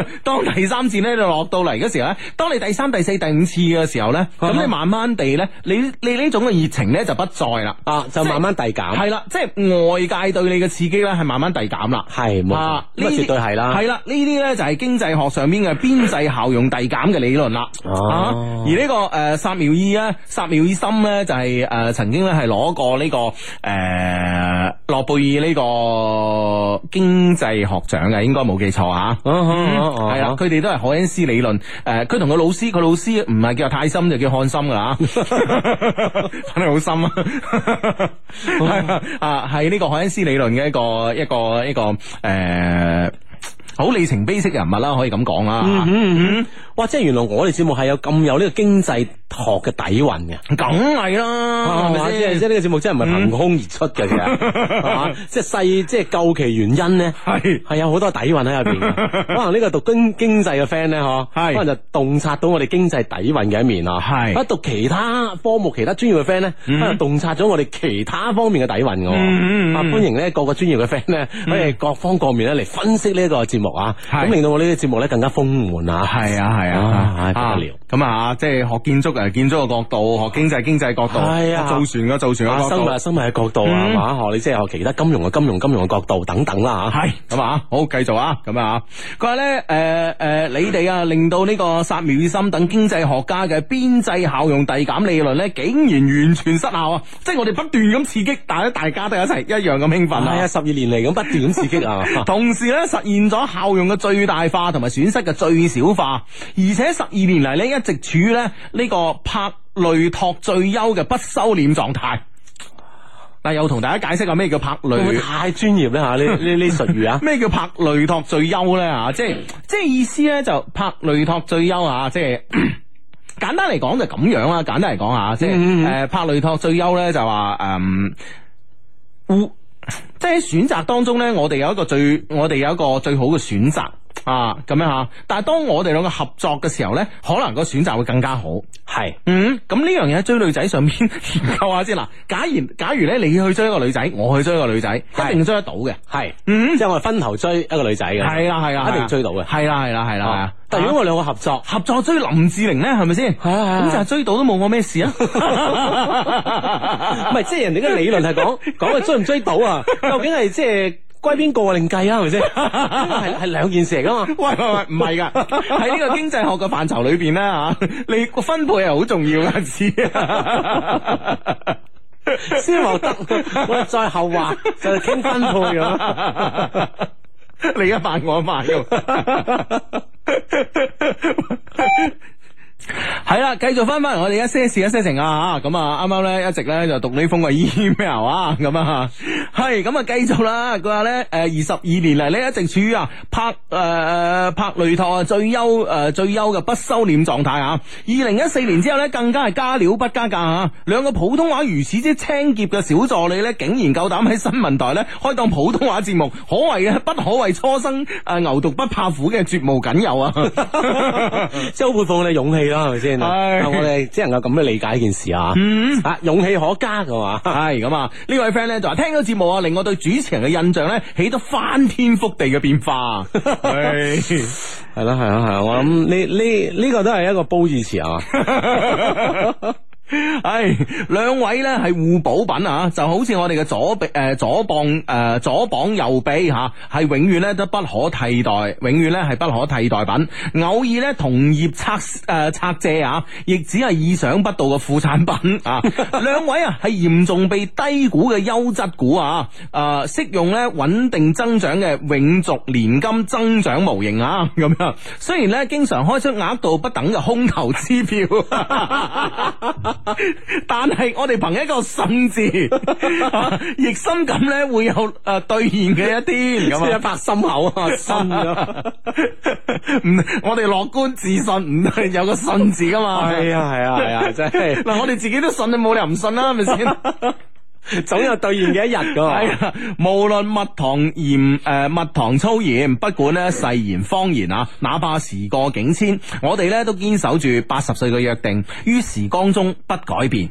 當第三次咧，就落到嚟嘅時候咧，當你第三、第四、第五次嘅時候咧，咁、啊、你慢慢地咧，你你呢種嘅熱情咧就不再啦，啊，就慢慢遞減。係啦是，即係、就是、外界對你嘅刺激咧，係慢慢遞減、啊、啦。係冇。呢個絕對係啦。係啦，呢啲咧就係經濟學上邊嘅邊際效用遞減嘅理論啦。而呢個誒薩繆爾啊，薩繆爾森咧就係、是、誒、呃、曾經咧係攞過呢、這個誒。呃呃呃呃諾貝爾呢個經濟學獎嘅，應該冇記錯吓，係啦，佢哋都係凱恩斯理論，誒、呃，佢同個老師，個老師唔係叫太深，就叫漢深噶吓，反正好深啊，係啊，係呢個凱恩斯理論嘅一個一個一個誒，好里程碑式人物啦，可以咁講啦。嗯。哇！即係原來我哋節目係有咁有呢個經濟學嘅底蘊嘅，梗係啦，即係呢個節目真係唔係憑空而出嘅，係嘛？即係細即係究其原因咧，係係有好多底蘊喺入邊。可能呢個讀經經濟嘅 friend 咧，可能就洞察到我哋經濟底蘊嘅一面啊。係，一讀其他科目、其他專業嘅 friend 咧，可能洞察咗我哋其他方面嘅底蘊嘅。嗯啊，歡迎呢各個專業嘅 friend 咧，可以各方各面咧嚟分析呢一個節目啊。咁令到我呢個節目咧更加豐滿啊。係啊，係啊，吓交流咁啊，即係學建築嘅，建築嘅角度，學經濟，經濟角度，係啊，造船嘅，造船嘅角度，生物，生物嘅角度啊嘛，學你即係學其他金融嘅，金融金融嘅角度等等啦吓，係咁啊，好繼續啊，咁啊，佢話咧誒誒，你哋啊令到呢個薩繆森等經濟學家嘅邊際效用遞減理論咧，竟然完全失效啊！即係我哋不斷咁刺激，但係大家都一齊一樣咁興奮啊！係啊，十二年嚟咁不斷咁刺激啊，同時咧實現咗效用嘅最大化同埋損失嘅最小化。而且十二年嚟咧，一直處於咧呢個拍雷托最優嘅不收斂狀態。嗱，又同大家解釋下咩叫拍雷托太專業咧吓？呢呢呢術語啊？咩叫拍雷托最優咧？吓，即係即係意思咧就拍雷托最優啊，即係 簡單嚟講就咁樣啦。簡單嚟講吓，即係誒拍雷托最優咧就話誒，嗯、 即係選擇當中咧，我哋有一個最，我哋有一個最好嘅選擇。啊，咁樣吓，但係當我哋兩個合作嘅時候咧，可能個選擇會更加好。係是，嗯，咁呢樣嘢追女仔上面研究下先啦。假如假如咧，你去追一個女仔，我去追一個女仔，是一定追得到嘅。係，嗯，即係我哋分頭追一個女仔嘅。係啦係啦，啊啊啊、一定追到嘅。係啦係啦係啦係啦，啊啊、但如果我哋兩個合作，合作追林志玲咧，係咪先？咁、啊啊、就係追到都冇我咩事啊？唔 係， 即係人哋嘅理論係講講佢追唔追到啊？究竟係即係。就是歸邊個另計啊，係咪先？係係兩件事嚟噶嘛？喂喂喂，唔係噶，喺呢個經濟學嘅範疇裏邊咧吓，你個分配係好重要嘅知？啊。先 話得，我再後話就係傾分配咗， 你一萬我一萬 係啦，繼、 嗯、續翻翻嚟我哋一些事一些情啊吓，咁啊啱啱咧一直咧就讀呢封嘅 email 啊，咁啊係咁啊繼續啦，佢話咧誒二十二年嚟咧一直處於啊拍誒拍雷托啊最優誒、呃、最優嘅不收斂狀態啊，二零一四年之後咧更加係加料不加價啊，兩個普通話如此之清澀嘅小助理咧竟然夠膽喺新聞台咧開檔普通話節目，可謂嘅不可謂初生誒、呃、牛犢不怕虎嘅絕無僅有啊，即係好佩服你勇氣。係咪先？係唉我哋只能夠咁樣理解呢件事啊！啊、嗯，勇氣可嘉㗎嘛？係咁啊！呢位朋友呢位 friend 咧就話聽到節目啊，令我對主持人嘅印象咧起得翻天覆地嘅變化。係的，係啦， 係啦，係啦！我諗呢呢呢個都係一個褒義詞啊！ 唉，兩、哎、位咧係互補品啊，就好似我哋嘅左臂誒、呃、左膀誒左膀右臂吓，係、啊、永遠咧都不可替代，永遠咧係不可替代品。偶爾咧同業拆誒拆借啊，亦只係意想不到嘅副產品啊。兩 位啊係嚴重被低估嘅優質股啊，誒、啊、適用咧穩定增長嘅永續年金增長模型啊咁樣。雖然咧經常開出額度不等嘅空頭支票。 但係我哋憑一個信字，信、 啊、心咁咧會有誒兌、呃、現嘅一啲，咁啊 一拍心口啊，信咁。唔，我哋樂觀自信，唔係有個信字噶嘛。係啊、 哎，係、哎、啊，係、就、啊、是，真係嗱，我哋自己都信，你冇理由唔信啦、啊，係咪先。總有兌現嘅一日㗎， 對無論蜜糖言誒，蜜糖粗言，不管呢誓言、謊言啊，哪怕時過境遷，我哋呢都堅守住八十歲嘅約定，於時光中不改變。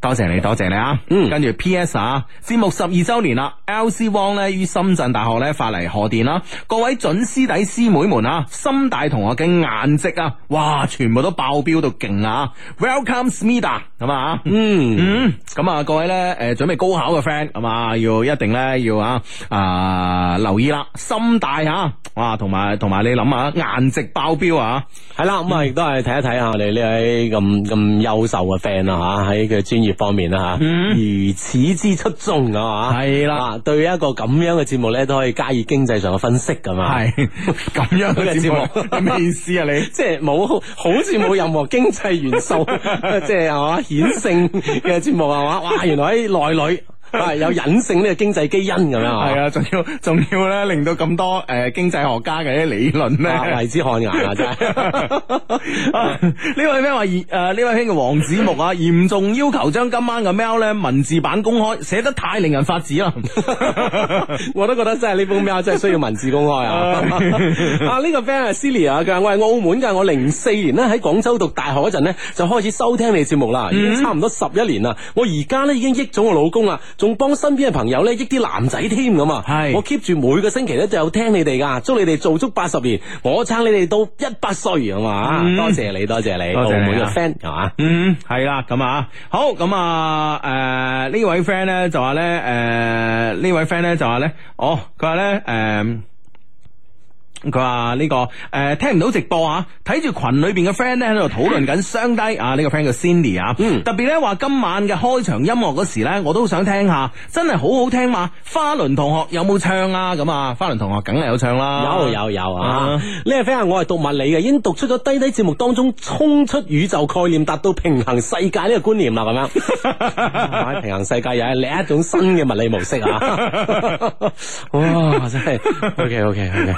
多謝你，多謝你啊！嗯，跟住 P.S. 啊，節目十二周年啦、啊，L.C. n 汪咧於深圳大學咧發嚟賀電啦、啊，各位準師弟師妹們啊，深大同學嘅顏值啊，哇，全部都爆表到勁啊！Welcome Smida，咁啊，嗯嗯，咁吧、嗯嗯、啊，各位咧，誒、呃，準備高考嘅 friend，咁啊，要一定咧，要啊，啊、呃，留意啦，深大吓、啊，哇，同埋同埋，你諗下，顏值爆表啊，係啦、嗯，咁、嗯、啊，亦都係睇一睇下我哋呢位咁咁優秀嘅 friend 啊，吓喺佢專業，方面啦嚇，嗯、如此之出眾啊嘛，係啦的，對一個咁樣嘅節目咧都可以加以經濟上嘅分析㗎嘛，係咁樣嘅節目咩 意思啊你？即係冇好似冇任何經濟元素， 即係啊嘛顯性嘅節目啊嘛，哇，原來喺內裏。係、 啊、有隱性呢個經濟基因咁啊！係啊，仲要仲要咧，令到咁多誒、呃、經濟學家嘅啲理論咧、啊啊、為之汗顏啊！真係，呢、 啊、位咩話誒？呢位兄嘅黃子木啊，嚴重要求將今晚嘅 mail 咧文字版公開，寫得太令人髮指啦！ 我都覺得真係呢封 mail 真係需要文字公開啊！ 啊，呢、這個 friend 係 Silly 啊，佢話我係澳門㗎，我零四年咧喺廣州讀大學嗰陣咧就開始收聽你嘅節目啦，嗯、已經差唔多十一年啦，我而家咧已經益咗我老公啦。仲幫身邊嘅朋友咧益啲男仔添咁啊！是我 keep 住每個星期咧就有聽你哋噶，祝你哋做足八十年，我撐你哋到一百歲，咁啊，多謝你，多謝你，我、啊、每個 friend 係嘛，嗯，係啦、咁啊，咁吧、嗯、啊，好咁啊，誒、呃、呢、呃、位 friend 咧就話咧，誒呢位 friend 咧就話咧，哦佢話咧，誒。呃佢話呢個誒、呃、聽唔到直播啊，睇住群裏邊嘅 friend 咧喺度討論緊雙低啊，呢、這個 friend 叫 Cindy 啊，嗯、特別咧話今晚嘅開場音樂嗰時咧，我都想聽下，真係好好聽嘛！花輪同學有冇唱啊？咁啊，花輪同學梗係有唱啦，有有有啊！呢個 friend 我係讀物理嘅，已經讀出咗低低節目當中衝出宇宙概念，達到平衡世界呢個觀念啦，咁樣 平衡世界又係另一種新嘅物理模式啊！ 哇，真係 okay, OK OK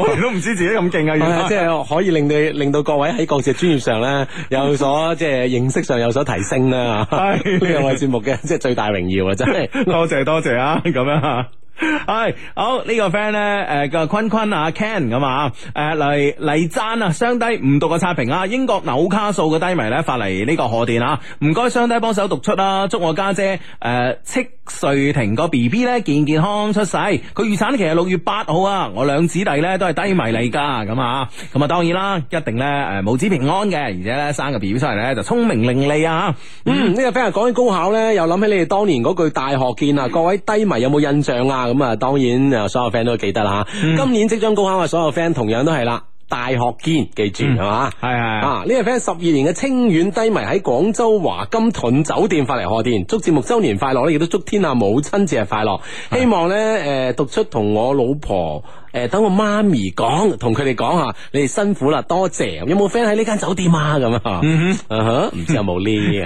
OK。 都唔知自己咁勁啊！原來即係可以令你 令到各位喺各自專業上咧有所即係 認識上有所提升啦、啊。呢樣係節目嘅即係最大榮耀啊！真、就、係、是、 多謝多謝啊！咁樣嚇。係、哎、好、這個、呢個 friend 咧，誒叫坤坤啊，Ken 咁啊，誒、呃、黎黎讚啊，雙低唔讀個差評啊，英國紐卡素嘅低迷咧發嚟呢個賀電啊，唔該雙低幫手讀出啦、啊，祝我家姐誒戚、呃、瑞婷個 B B 咧健健康康出世，佢預產期係六月八號啊，我兩姊弟咧都係低迷嚟噶，咁啊，咁啊當然啦，一定咧誒、呃、母子平安嘅，而且咧生個 B B 出嚟咧就聰明伶俐啊。嗯呢、嗯、個 friend 講起高考咧又諗起你哋當年嗰句大學見啊，各位低迷有冇印象啊？咁啊，當然啊，所有 friend 都記得啦、嗯、今年即將高考嘅所有 friend 同樣都係啦。大學堅，記住係嘛？係係啊，呢個 friend 十二年嘅清遠低迷喺廣州華金盾酒店發嚟賀電，祝節目週年快樂咧，亦都祝天下母親節日快樂。希望咧誒的，讀出同我老婆。誒，等我媽咪講，同佢哋講下，你哋辛苦啦，多謝，謝。有冇 friend 喺呢間酒店啊？咁啊，唔、mm hmm. uh huh, 知有冇呢？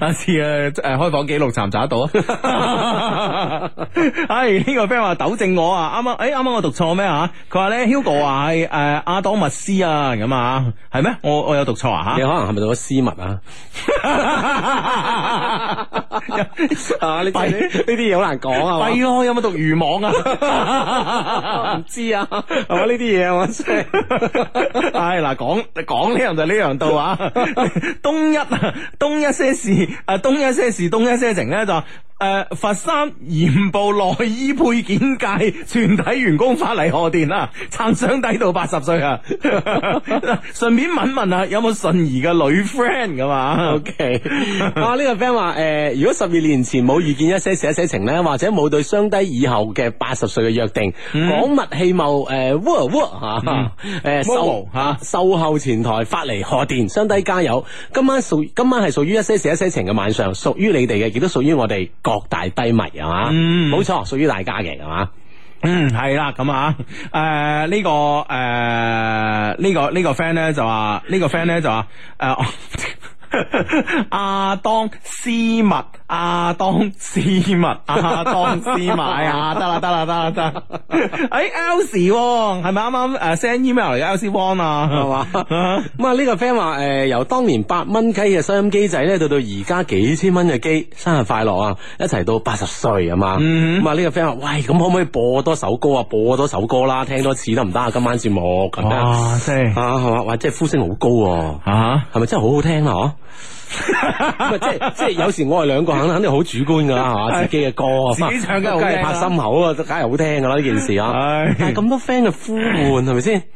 啊， 試啊，誒，開房記錄查唔查得到、 哎這個、啊？係呢個 friend 話糾正我啊，啱啱，誒，啱啱我讀錯咩啊？佢話咧，Hugo 話係誒阿當密斯啊，咁啊，係、啊、咩？我我有讀錯啊？吓，你可能係咪讀咗斯密啊？ 啊，你閉呢啲嘢好難講啊！閉咯，扣有冇讀漁網啊？ 唔知 啊，係嘛，呢啲嘢我真係嗱講講呢樣就呢樣到啊 東一啊東一些事啊東一些事東一些情咧就。誒、呃，佛山鹽步內衣配件界全體員工發嚟賀電啦，撐雙低到八十歲啊！順 便問問，問啊，有有啊，有冇順兒嘅女 friend 㗎嘛？OK，啊呢、這個 friend 話誒，如果十二年前冇遇見一些事一些情咧，或者冇對雙低以後嘅八十歲嘅約定，廣物汽貿誒，哇哇吓，誒售吓售後前台發嚟賀電，雙低加油！今晚屬今晚係屬於一些事一些情嘅晚上，屬於你哋嘅，亦都屬於我哋各大低迷係嘛？冇錯，嗯，屬於大家嘅係嘛？嗯，係啦咁啊，誒、呃呢個呃呢個呢個、呢、呢個誒呢個呢個 friend 咧就話呢個 friend 咧就話誒。呃 阿當斯密，阿當斯密，阿當斯密啊！得啦，得啦，得啦，得！哎，L C One 係咪啱啱誒 send email 嚟嘅 L C One 啊？係、嗯嗯、嘛？咁啊呢個 friend 話誒，由當年八蚊雞嘅收音機仔咧，到到而家幾千蚊嘅機，生日快樂啊！一齊到八十歲啊嘛！咁啊呢個 friend 話：喂，咁可唔可以播多首歌啊？播多首歌啦，聽多次得唔得啊？今晚節目哇，真係啊，係嘛？哇，即係呼聲好高啊！係咪、啊啊啊啊啊啊、真係好、啊啊、好聽啊？嗬、啊！ 即係 即係有時我哋兩個肯肯定好主觀噶啦，係自己嘅歌， 自己唱嘅好 拍心口咯，梗係好聽噶啦呢件事啊， 但係咁多 friend 嘅呼喚係咪先？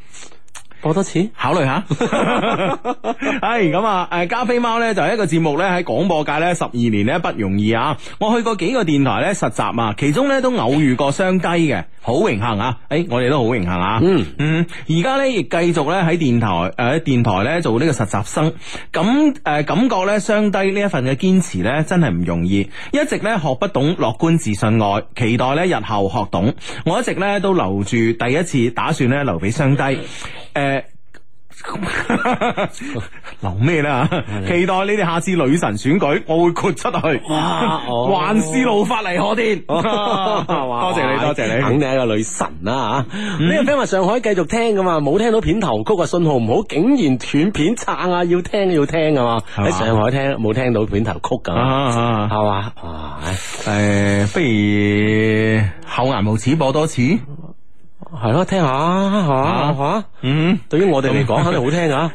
播多次，考慮下。係 咁 啊！誒，加菲貓呢就係一個節目呢喺廣播界呢，十二年呢不容易啊！我去過幾個電臺呢實習啊，其中呢都偶遇過雙低嘅，好榮幸啊！誒、哎，我哋都好榮幸啊！嗯嗯，而家呢，亦繼續呢喺電臺誒、呃、電臺呢做呢個實習生。咁誒、呃、感覺呢，雙低呢一份嘅堅持呢，真係唔容易，一直呢學不懂樂觀自信愛，期待呢日後學懂。我一直呢都留住第一次打算呢留俾雙低誒。呃 留咩啦？期待你哋下次女神選舉，我會豁出去。哇！哦、 還是老法嚟可啲，多謝你，多謝你，等你一個女神啦、啊、吓。呢、啊嗯、個 friend 話上海繼續聽噶嘛，冇聽到片頭曲啊，信號唔好，竟然斷片撐啊，要聽要聽啊嘛。喺嗎上海聽冇聽到片頭曲咁，係嘛？誒，不如厚顏無恥播多次。係咯，聽下吓吓，啊啊啊、嗯，對於我哋嚟講肯定好聽啊！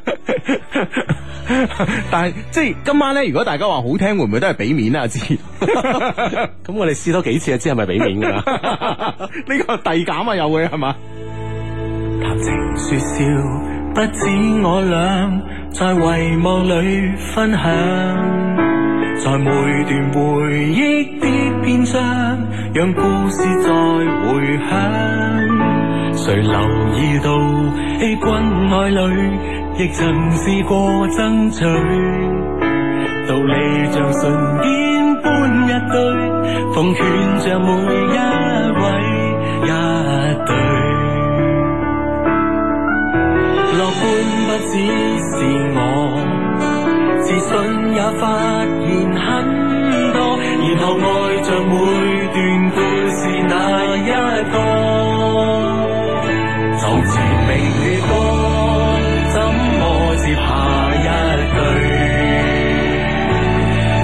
但係即係今晚咧，如果大家話好聽，會唔會都係俾面， 我知係俾面 啊？知，咁，我哋試多幾次啊，知係咪俾面㗎啦？呢個遞減啊，又會係嘛？在每段回憶的篇章，讓故事再回響。誰留意到愛侶亦曾試過爭取？道理像神仙般一堆，奉勸着每一位一對。樂觀不只是我。自信也發現很多，然後愛着每段故事那一個就？從前明月光，怎麼接下一句？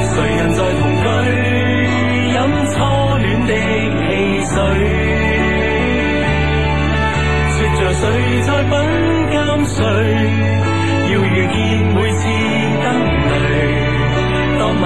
誰人在同居，飲初戀的汽水？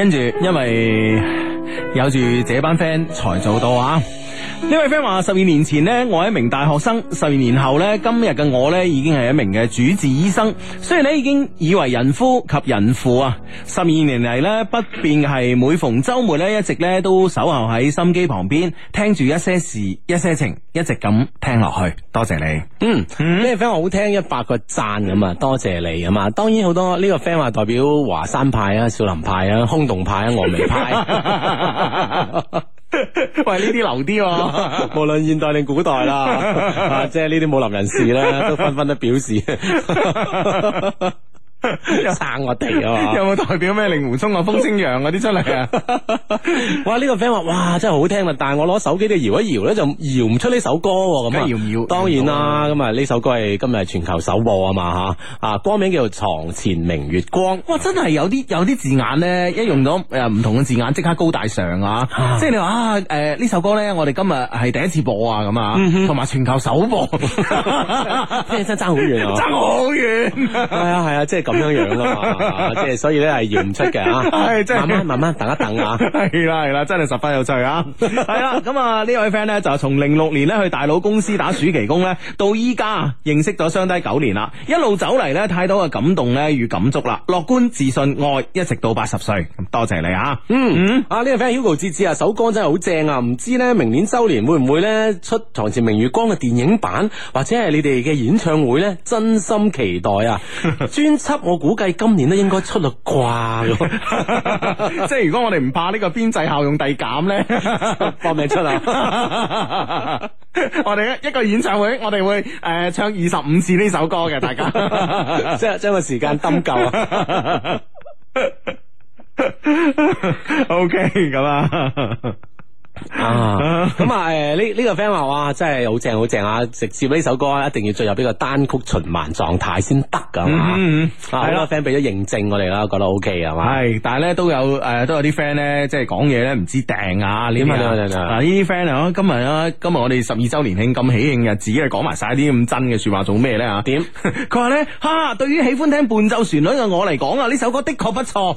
跟住，因為有住這班 friend 才做到啊！呢位 friend 話：十二年前呢，我係一名大學生；十二年後呢，今日嘅我呢，已經係一名嘅主治醫生。雖然咧已經以為人夫及人婦啊，十二年嚟呢，不變係每逢周末呢，一直咧都守候喺心機旁邊，聽住一些事、一些情，一直咁聽落去。多謝你。嗯，呢位 friend 話好聽一百個讚咁啊！嗯、多謝你啊嘛。當然好多呢個 friend 話代表華山派啊、少林派啊、崆峒派啊、峨眉派。 喂，呢啲留啲， 無論現代定古代啦、啊 啊，即係呢啲武林人士咧，都紛紛都表示。 又撐我哋啊，有冇代表咩《令狐沖》啊、《風清揚》嗰啲出嚟啊？哇！呢、這個 friend 話，哇，真係好聽啊！但係我攞手機嘅搖一搖咧，就搖唔出呢首歌咁樣，搖唔搖啊！當然啦，咁啊，呢首歌係今日全球首播啊嘛吓啊！歌名叫做《床前明月光》。哇！真係有啲有啲字眼咧，一用到誒唔同嘅字眼，即刻高大上啊！ 即係你話誒呢首歌咧，我哋今日係第一次播啊，咁啊，同埋、嗯、哼全球首播，真係爭好遠啊！爭好遠，係啊係啊，即 係、 嗯。 咁 樣樣啊，即係所以咧係搖唔出嘅啊， 唉即係、慢慢慢慢等一等啊，係啦係啦，真係十分有趣啊，係 啦、 嗯，咁啊位呢位 friend 咧就從零六年咧去大佬公司打暑期工咧，到依家、啊、認識咗相低九年啦，一路走嚟咧太多嘅感動咧與感觸啦，樂觀自信愛一直到八十歲，咁多謝你啊，嗯嗯，啊呢位 friend Hugo 志子啊，首、啊、歌真係好正啊，唔知咧明年周年會唔會咧出《床前明月光》嘅電影版，或者係你哋嘅演唱會咧，真心期待啊，專輯。我估計今年都應該出嘞啩， 即係如果我哋唔怕呢個邊際效用遞減咧，搏命出啊！我哋一個演唱會，我哋會誒、呃、唱二十五次呢首歌嘅，大家即係將個時間斟夠啊！O K，咁啊。 啊，咁啊，誒、 啊，呢、這、呢個 friend 話哇，真係好正好正啊！直接呢首歌一定要進入呢個單曲循環狀態先得㗎嘛。係咯，friend 俾咗認證我哋啦，覺得 OK 係嘛、嗯。係吧，但係咧都有誒，都有啲 friend 咧，即係講嘢咧，唔知訂啊，點啊，啊呢啲 friend 啊，今日啊，今日我哋十二周年慶咁喜慶嘅，自己講埋晒啲咁真嘅樣 說話做咩咧啊？點？佢話咧，哈，對於喜歡聽伴奏旋律嘅我嚟講啊，呢首歌的確不錯。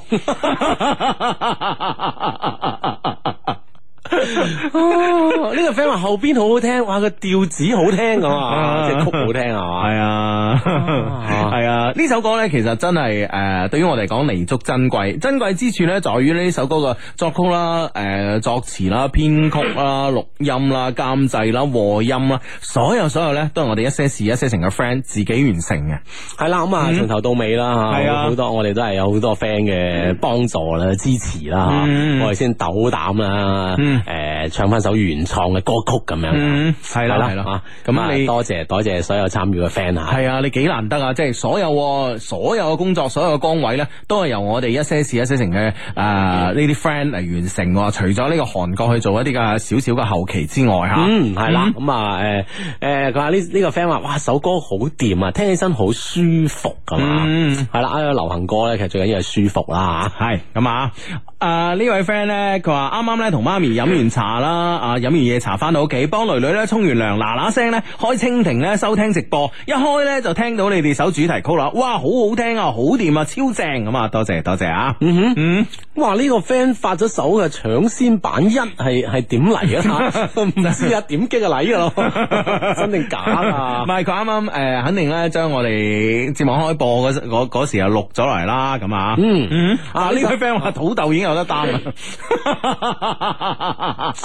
哦，呢、啊這個 friend 話後邊好好聽，話個調子好聽噶，即係、 啊、曲好聽 啊，係啊。啊啊啊係啊，呢首歌呢，其實真係誒，對於我嚟講彌足珍貴。珍貴之處呢，在於呢首歌嘅作曲啦、誒作詞啦、編曲啦、錄音啦、監製啦、和音啦，所有所有呢，都係我哋一些事一些情嘅 friend 自己完成嘅。係啦，咁啊從頭到尾啦，吓好多我哋都係有好多 friend 嘅幫助啦、支持啦，我哋先斗膽啦，誒唱翻首原創嘅歌曲咁樣。嗯，係啦，係啦，吓咁啊，多謝多謝所有參與嘅 friend 吓。係啊。你幾難得啊！即係所有所有嘅工作，所有嘅崗位咧，都係由我哋一些事一些情嘅啊呢啲 friend 嚟完成。除咗呢個韓國去做一啲嘅小小嘅後期之外，吓，嗯，係啦、嗯，咁啊、嗯，誒誒，佢話呢，呢個 friend 話，哇，首歌好掂啊，聽起身好舒服，係嘛，係啦、嗯，啊、嗯，流行歌咧，其實最緊要係舒服啦，吓，係咁啊，誒呢位 friend 咧，佢話啱啱咧同媽咪飲完茶啦，啊，飲完，、嗯、完夜茶翻到屋企，幫女女咧沖完涼，嗱嗱聲咧開蜻蜓咧收聽直播，一開咧就，聽到你哋首主題曲啦，哇，好好聽啊，好掂啊，超正咁啊，多謝多謝啊，嗯哼，嗯，哇，呢、這個 friend 發咗手嘅搶先版一係係點嚟嘅？唔知啊，點擊嘅嚟咯，真定假啊？唔係佢啱啱誒，肯定咧將我哋節目開播嗰嗰時又錄咗嚟啦，咁啊，嗯、 啊、嗯，啊呢位 friend 話土豆已經有得擔啦。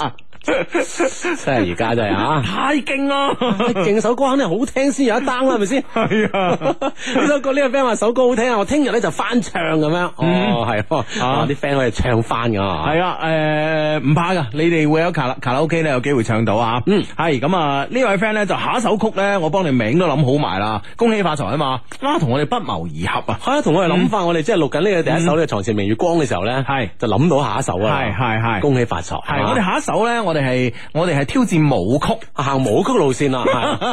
嗯 真係而家真係啊！太勁咯，勁首歌肯定好聽先有一單啦，係咪先？係啊，呢首歌呢位 friend 話首歌好聽啊，我聽日咧就翻唱咁樣。哦，係啊，啲 friend 可以唱翻噶。係啊，誒，唔怕噶，你哋會有卡拉卡拉 O K 咧，有機會唱到啊。嗯，係咁啊，呢位 friend 咧就下一首曲咧，我幫你名都諗好埋啦。恭喜發財啊嘛，啊，同我哋不謀而合啊！係啊！同我哋諗翻，我哋即係錄緊呢個第一首呢個《床前明月光》嘅時候咧，係就諗到下一首啊。係係係，恭喜發財。係我哋下一首咧。我哋係我哋係挑戰舞曲，行舞曲路線啦。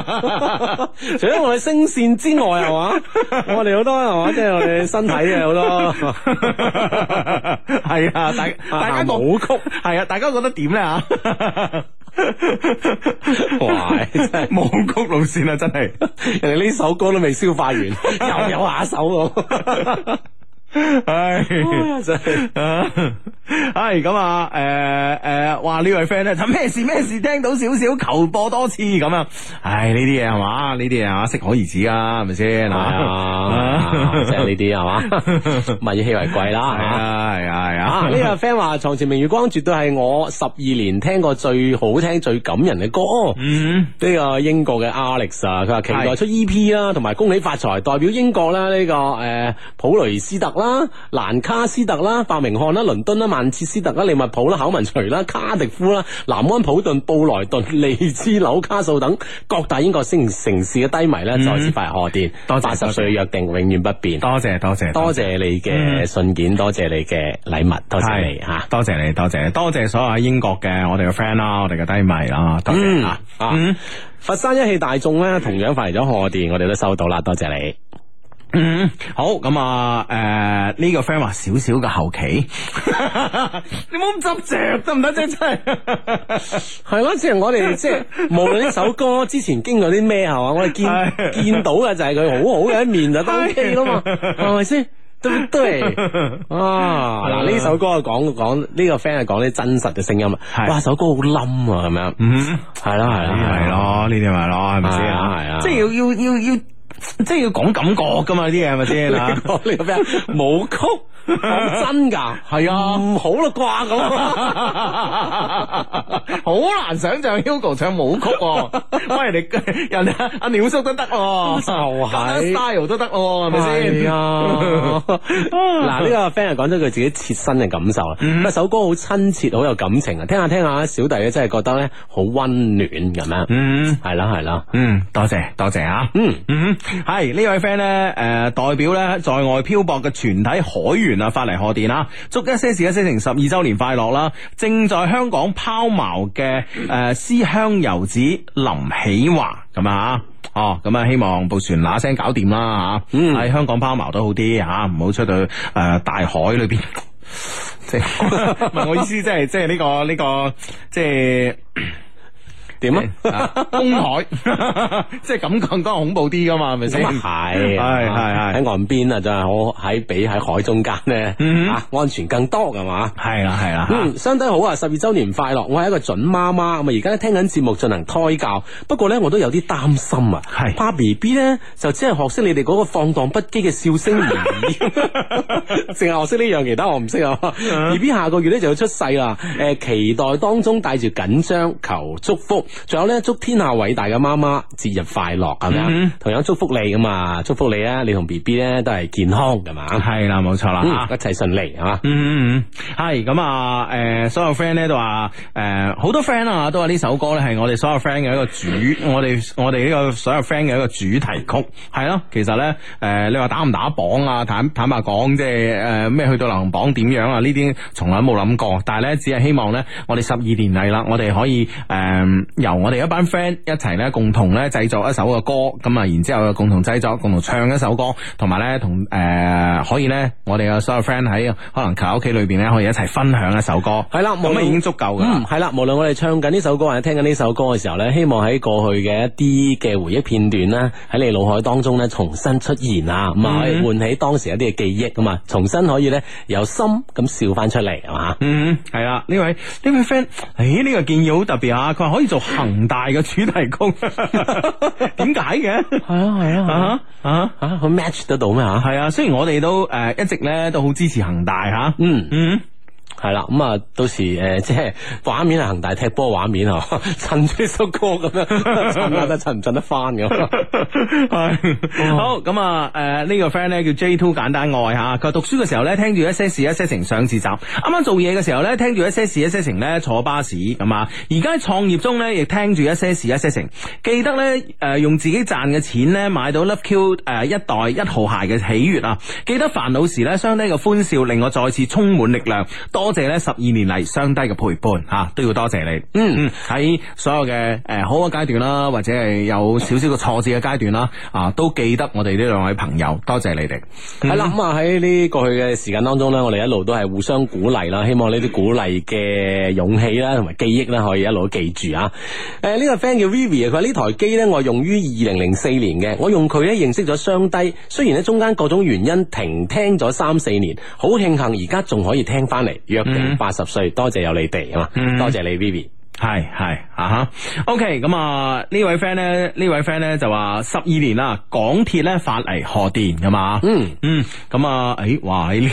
除咗我哋聲線之外，係嘛？ 我哋好多係嘛？即係我哋身體啊，好多。係 啊， 大大家舞曲係啊， 大家覺得點咧？吓 哇！真係舞曲路線啦，真係。 人哋呢首歌都未消化完，又有下手唉， 係位朋，咁啊，誒誒，話呢位 friend 咧，係咩事咩事？聽到少，少少，求播多次咁啊！唉，呢啲嘢係嘛？呢啲啊，適可而止啊，係咪先啊？成呢啲係嘛？物以稀為貴啦，係啊，係 啊， 係啊！呢個 friend 話《床前明月光》絕對係我十二年聽過最好聽、最感人嘅歌。呢個、mm hmm. 英國嘅 Alex 啊，佢話期待出 EP 啦，同埋恭喜發財代表英國啦。呢、這個誒、呃，普雷斯特，啦，蘭卡斯特啦，伯明翰啦，倫敦啦，曼徹斯特啦，利物浦啦，考文垂啦，卡迪夫啦，南安普頓、布萊頓、利茲、紐卡素等各大英國城城市嘅低迷咧，再次發嚟賀電。多謝八十歲約定永遠不變。多謝多謝多謝你嘅信件，多謝你嘅禮物，多謝你吓，多謝你，多謝多謝所有喺英國嘅我哋嘅 friend 啦，我哋嘅低迷啦，多謝啊！嗯，佛山一汽大眾咧，同樣發嚟咗賀電，我哋都收到啦，多謝你。嗯，好咁啊，誒，呢個 friend 話少少嘅後期，你冇咁執着得唔得啫？真係係咯，即係我哋即係無論呢首歌之前經過啲咩係嘛，我哋見見到嘅就係佢好好嘅一面就 OK 啦嘛，係咪先？對唔對？啊，嗱，呢首歌係講講呢個 friend 係講啲真實嘅聲音啊，哇，首歌好冧啊，係咪啊？嗯，係咯，係咯，呢啲咪咯，係咪先啊？係啊，即係要要要要。即係要講感覺噶嘛，啲嘢，係咪先嗱？你呢個咩啊，舞曲？講真噶，係啊，唔好咯，啩咁，好 難想象 Hugo 唱舞曲，啊，喂， 你人哋阿鳥叔都得咯，啊，咁樣 style 都得咯，啊，係咪先？嗱，呢、這個 friend 又講咗佢自己切身嘅感受啦，咁啊、嗯、首歌好親切，好有感情啊，聽下聽下，小弟咧真係覺得咧好溫暖，咁樣啊，嗯，係啦係啦，嗯，多謝多謝啊，嗯嗯，係、嗯、呢位 friend 咧，誒、呃，代表咧在外漂泊嘅全體海員。嗱，發嚟賀電啦，祝一些事一些情十二周年快樂啦！正在香港拋錨嘅誒，思鄉游子林喜華咁啊哦，咁啊希望部船嗱聲搞掂啦吓，喺、啊、香港拋錨都好啲吓，唔、啊、好出到誒、呃、大海裏邊。即係， 問 我意思，即係、這個 這個、即係呢個呢個即係。點啊？東海即係感覺當然恐怖啲噶嘛，係咪先？係係係喺岸邊啊，就係我喺比喺海中間咧，啊安全更多噶嘛！係啦係啦，相對好啊！十二周年快樂！我係一個準媽媽咁啊，而家聽緊節目進行胎教，不過咧我都有啲擔心啊，係怕 B B 咧就只係學識你哋嗰個放蕩不羈嘅笑聲而已，淨係學識呢樣，其他我唔識啊！B B 下個月咧就要出世啦，誒，期待當中帶住緊張，求祝福。仲有咧，祝天下偉大嘅媽媽節日快樂，係咪啊？嗯、同樣祝福你咁嘛，祝福你啊！你同 B B 咧都係健康嘛，係嘛啊？係啦，冇錯啦，一切順利，係嘛、嗯？嗯嗯嗯，係咁啊！誒，所有 friend 咧都話，誒、呃，好多 friend 啊，都話呢首歌咧係我哋所有 friend 嘅一個主， 我哋我哋呢個所有 friend 嘅一個主題曲，係咯。 其實咧，誒、呃，你話打唔打榜啊？坦坦白講，即係誒咩去到排行榜點樣啊？呢啲從來冇諗過，但係咧，只係希望咧，我哋十二年嚟啦，我哋可以誒。嗯嗯由我哋一班 friend 一齊咧，共同咧製作一首嘅歌，咁啊，然之後，後共同製作、共同唱一首歌，同埋咧，同誒可以咧，我哋嘅所有 friend 喺可能家屋企裏邊咧，可以，可可以一齊分享一首歌。係啦，冇乜，已經足夠噶。係啦、嗯，無論我哋唱緊呢首歌，或者聽緊呢首歌嘅時候咧，希望喺過去嘅一啲嘅回憶片段咧，喺你腦海當中咧，重新出現啊，咁啊、嗯嗯，喚起當時一啲嘅記憶，咁啊重新可以咧由心咁笑翻出嚟，係嘛？嗯，係啦，呢位呢位 friend，誒呢個建議好特別啊，佢話可以做。恆大嘅主題曲 什麼，點解嘅？係啊係啊，吓吓吓，佢 match 得到咩吓？係啊，啊 啊雖然我哋都誒、呃、一直咧都好支持恆大吓，嗯、啊、嗯。嗯係啦，咁啊，到時誒、呃，即係畫面啊，恒大踢波畫面啊，襯住首歌咁樣，襯得襯唔襯得翻咁。係好，咁啊，誒、呃這個、呢個 friend 咧叫 J Two 簡單愛吓，佢讀書嘅時候咧聽住一些事一些情上自習，啱啱做嘢嘅時候咧聽住一些事一些情咧坐巴士咁啊，而家創業中咧亦聽住一些事一些情，記得咧誒、呃、用自己賺嘅錢咧買到 Love Q 誒、呃、一代一號鞋嘅喜悅啊，記得煩惱時咧相對嘅歡笑令我再次充滿力量。多謝咧，十二年嚟雙低嘅陪伴吓、啊，都要多謝你。嗯嗯，喺、嗯、所有嘅誒、呃、好嘅階段啦，或者係有少少嘅挫折嘅階段啦，啊，都記得我哋呢兩位朋友，多謝你哋。係啦、嗯，咁啊喺呢過去嘅時間當中呢，我哋一路都係互相鼓勵啦，希望呢啲鼓勵嘅勇氣啦，同埋記憶啦，可以一路記住啊。誒、呃，呢、這個 friend 叫 Vivi 啊，佢話呢台機呢，我用於二零零四年嘅，我用佢咧認識咗雙低，雖然呢中間各種原因停聽咗三四年，好慶幸而家仲可以聽翻嚟。約定八十歲，多謝有你哋啊嘛，多謝你 Vivi。Viv 係係吓哈，OK，咁啊呢位 friend 咧，呢位 friend 咧就話十二年啦，港鐵咧發嚟賀電噶嘛，嗯 嗯，咁、嗯、啊，誒、嗯嗯，哇，呢、呢、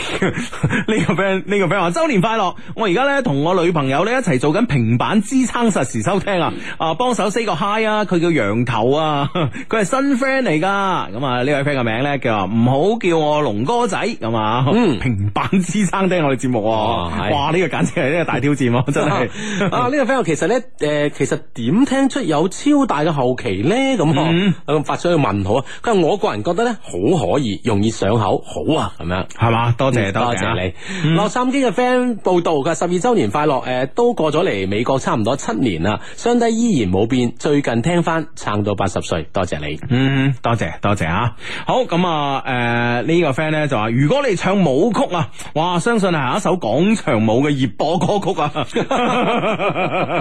呢個 friend 呢、呢個 friend 話、呢個、周年快樂，我而家咧同我女朋友咧一齊做緊平板支撐實時收聽啊，啊，幫手 say 個 hi 啊，佢叫羊頭啊，佢係新 friend 嚟噶，咁啊位呢位 friend 嘅名咧叫話唔好叫我龍哥仔，咁啊，平板支撐聽我哋節目啊，啊哇，呢、呢個簡直係一個大挑戰，真係，啊，呢、呢個 friend 其實。其實咧，誒、呃，其實點聽出有超大嘅後期咧？咁嗬，嗯、發出去問號啊！佢話我個人覺得咧，好可以，容易上口，好啊，咁樣係嘛？多謝、嗯、多謝你，謝你嗯、洛杉磯嘅 friend 報道噶，十二周年快樂誒、呃，都過咗嚟美國差唔多七年啦，相體依然冇變，最近聽翻撐到八十歲，多謝你，嗯，多謝多謝啊！好咁啊，誒、呃，這個、呢個 friend 咧就話，如果你唱舞曲啊，哇，相信係一首廣場舞嘅熱播歌曲啊！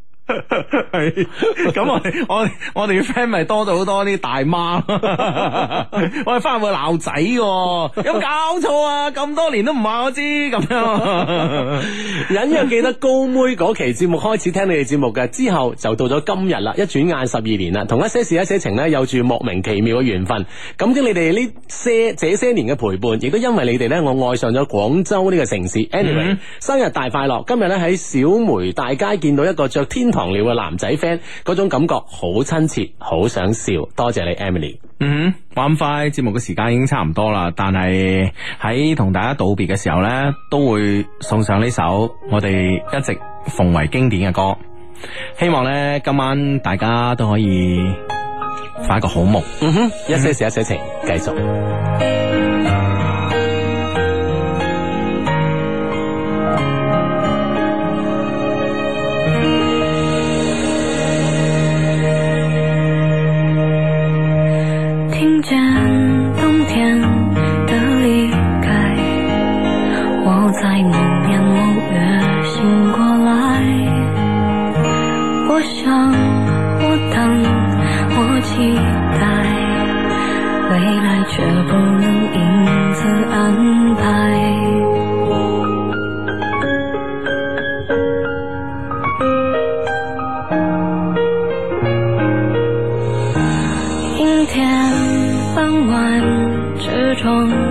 係 咁 我我我哋嘅 friend 咪多咗好多啲大媽，我哋翻去會鬧仔，有冇搞錯啊？咁多年都唔話我知，咁樣隱約 記得高妹嗰期節目開始聽你哋節目嘅之後，就到咗今日啦，一轉眼十二年啦，同一些事一些情呢，有住莫名其妙嘅緣分。感激你哋呢些這些年嘅陪伴，亦都因為你哋呢，我愛上咗廣州呢個城市。Anyway、嗯、生日大快樂！今日呢，喺小梅大街見到一個着天堂。同撩嘅男仔 friend，嗰種感覺好親切，好想笑。多謝你，Emily。嗯哼，玩快節目嘅時間已經差唔多啦，但係喺同大家道別嘅時候咧，都會送上呢首我哋一直奉為經典嘅歌。希望咧今晚大家都可以發一個好夢。嗯哼，一些事，一些情，繼、嗯、哼續。期待未來，卻不能因此安排。陰天傍晚，車窗。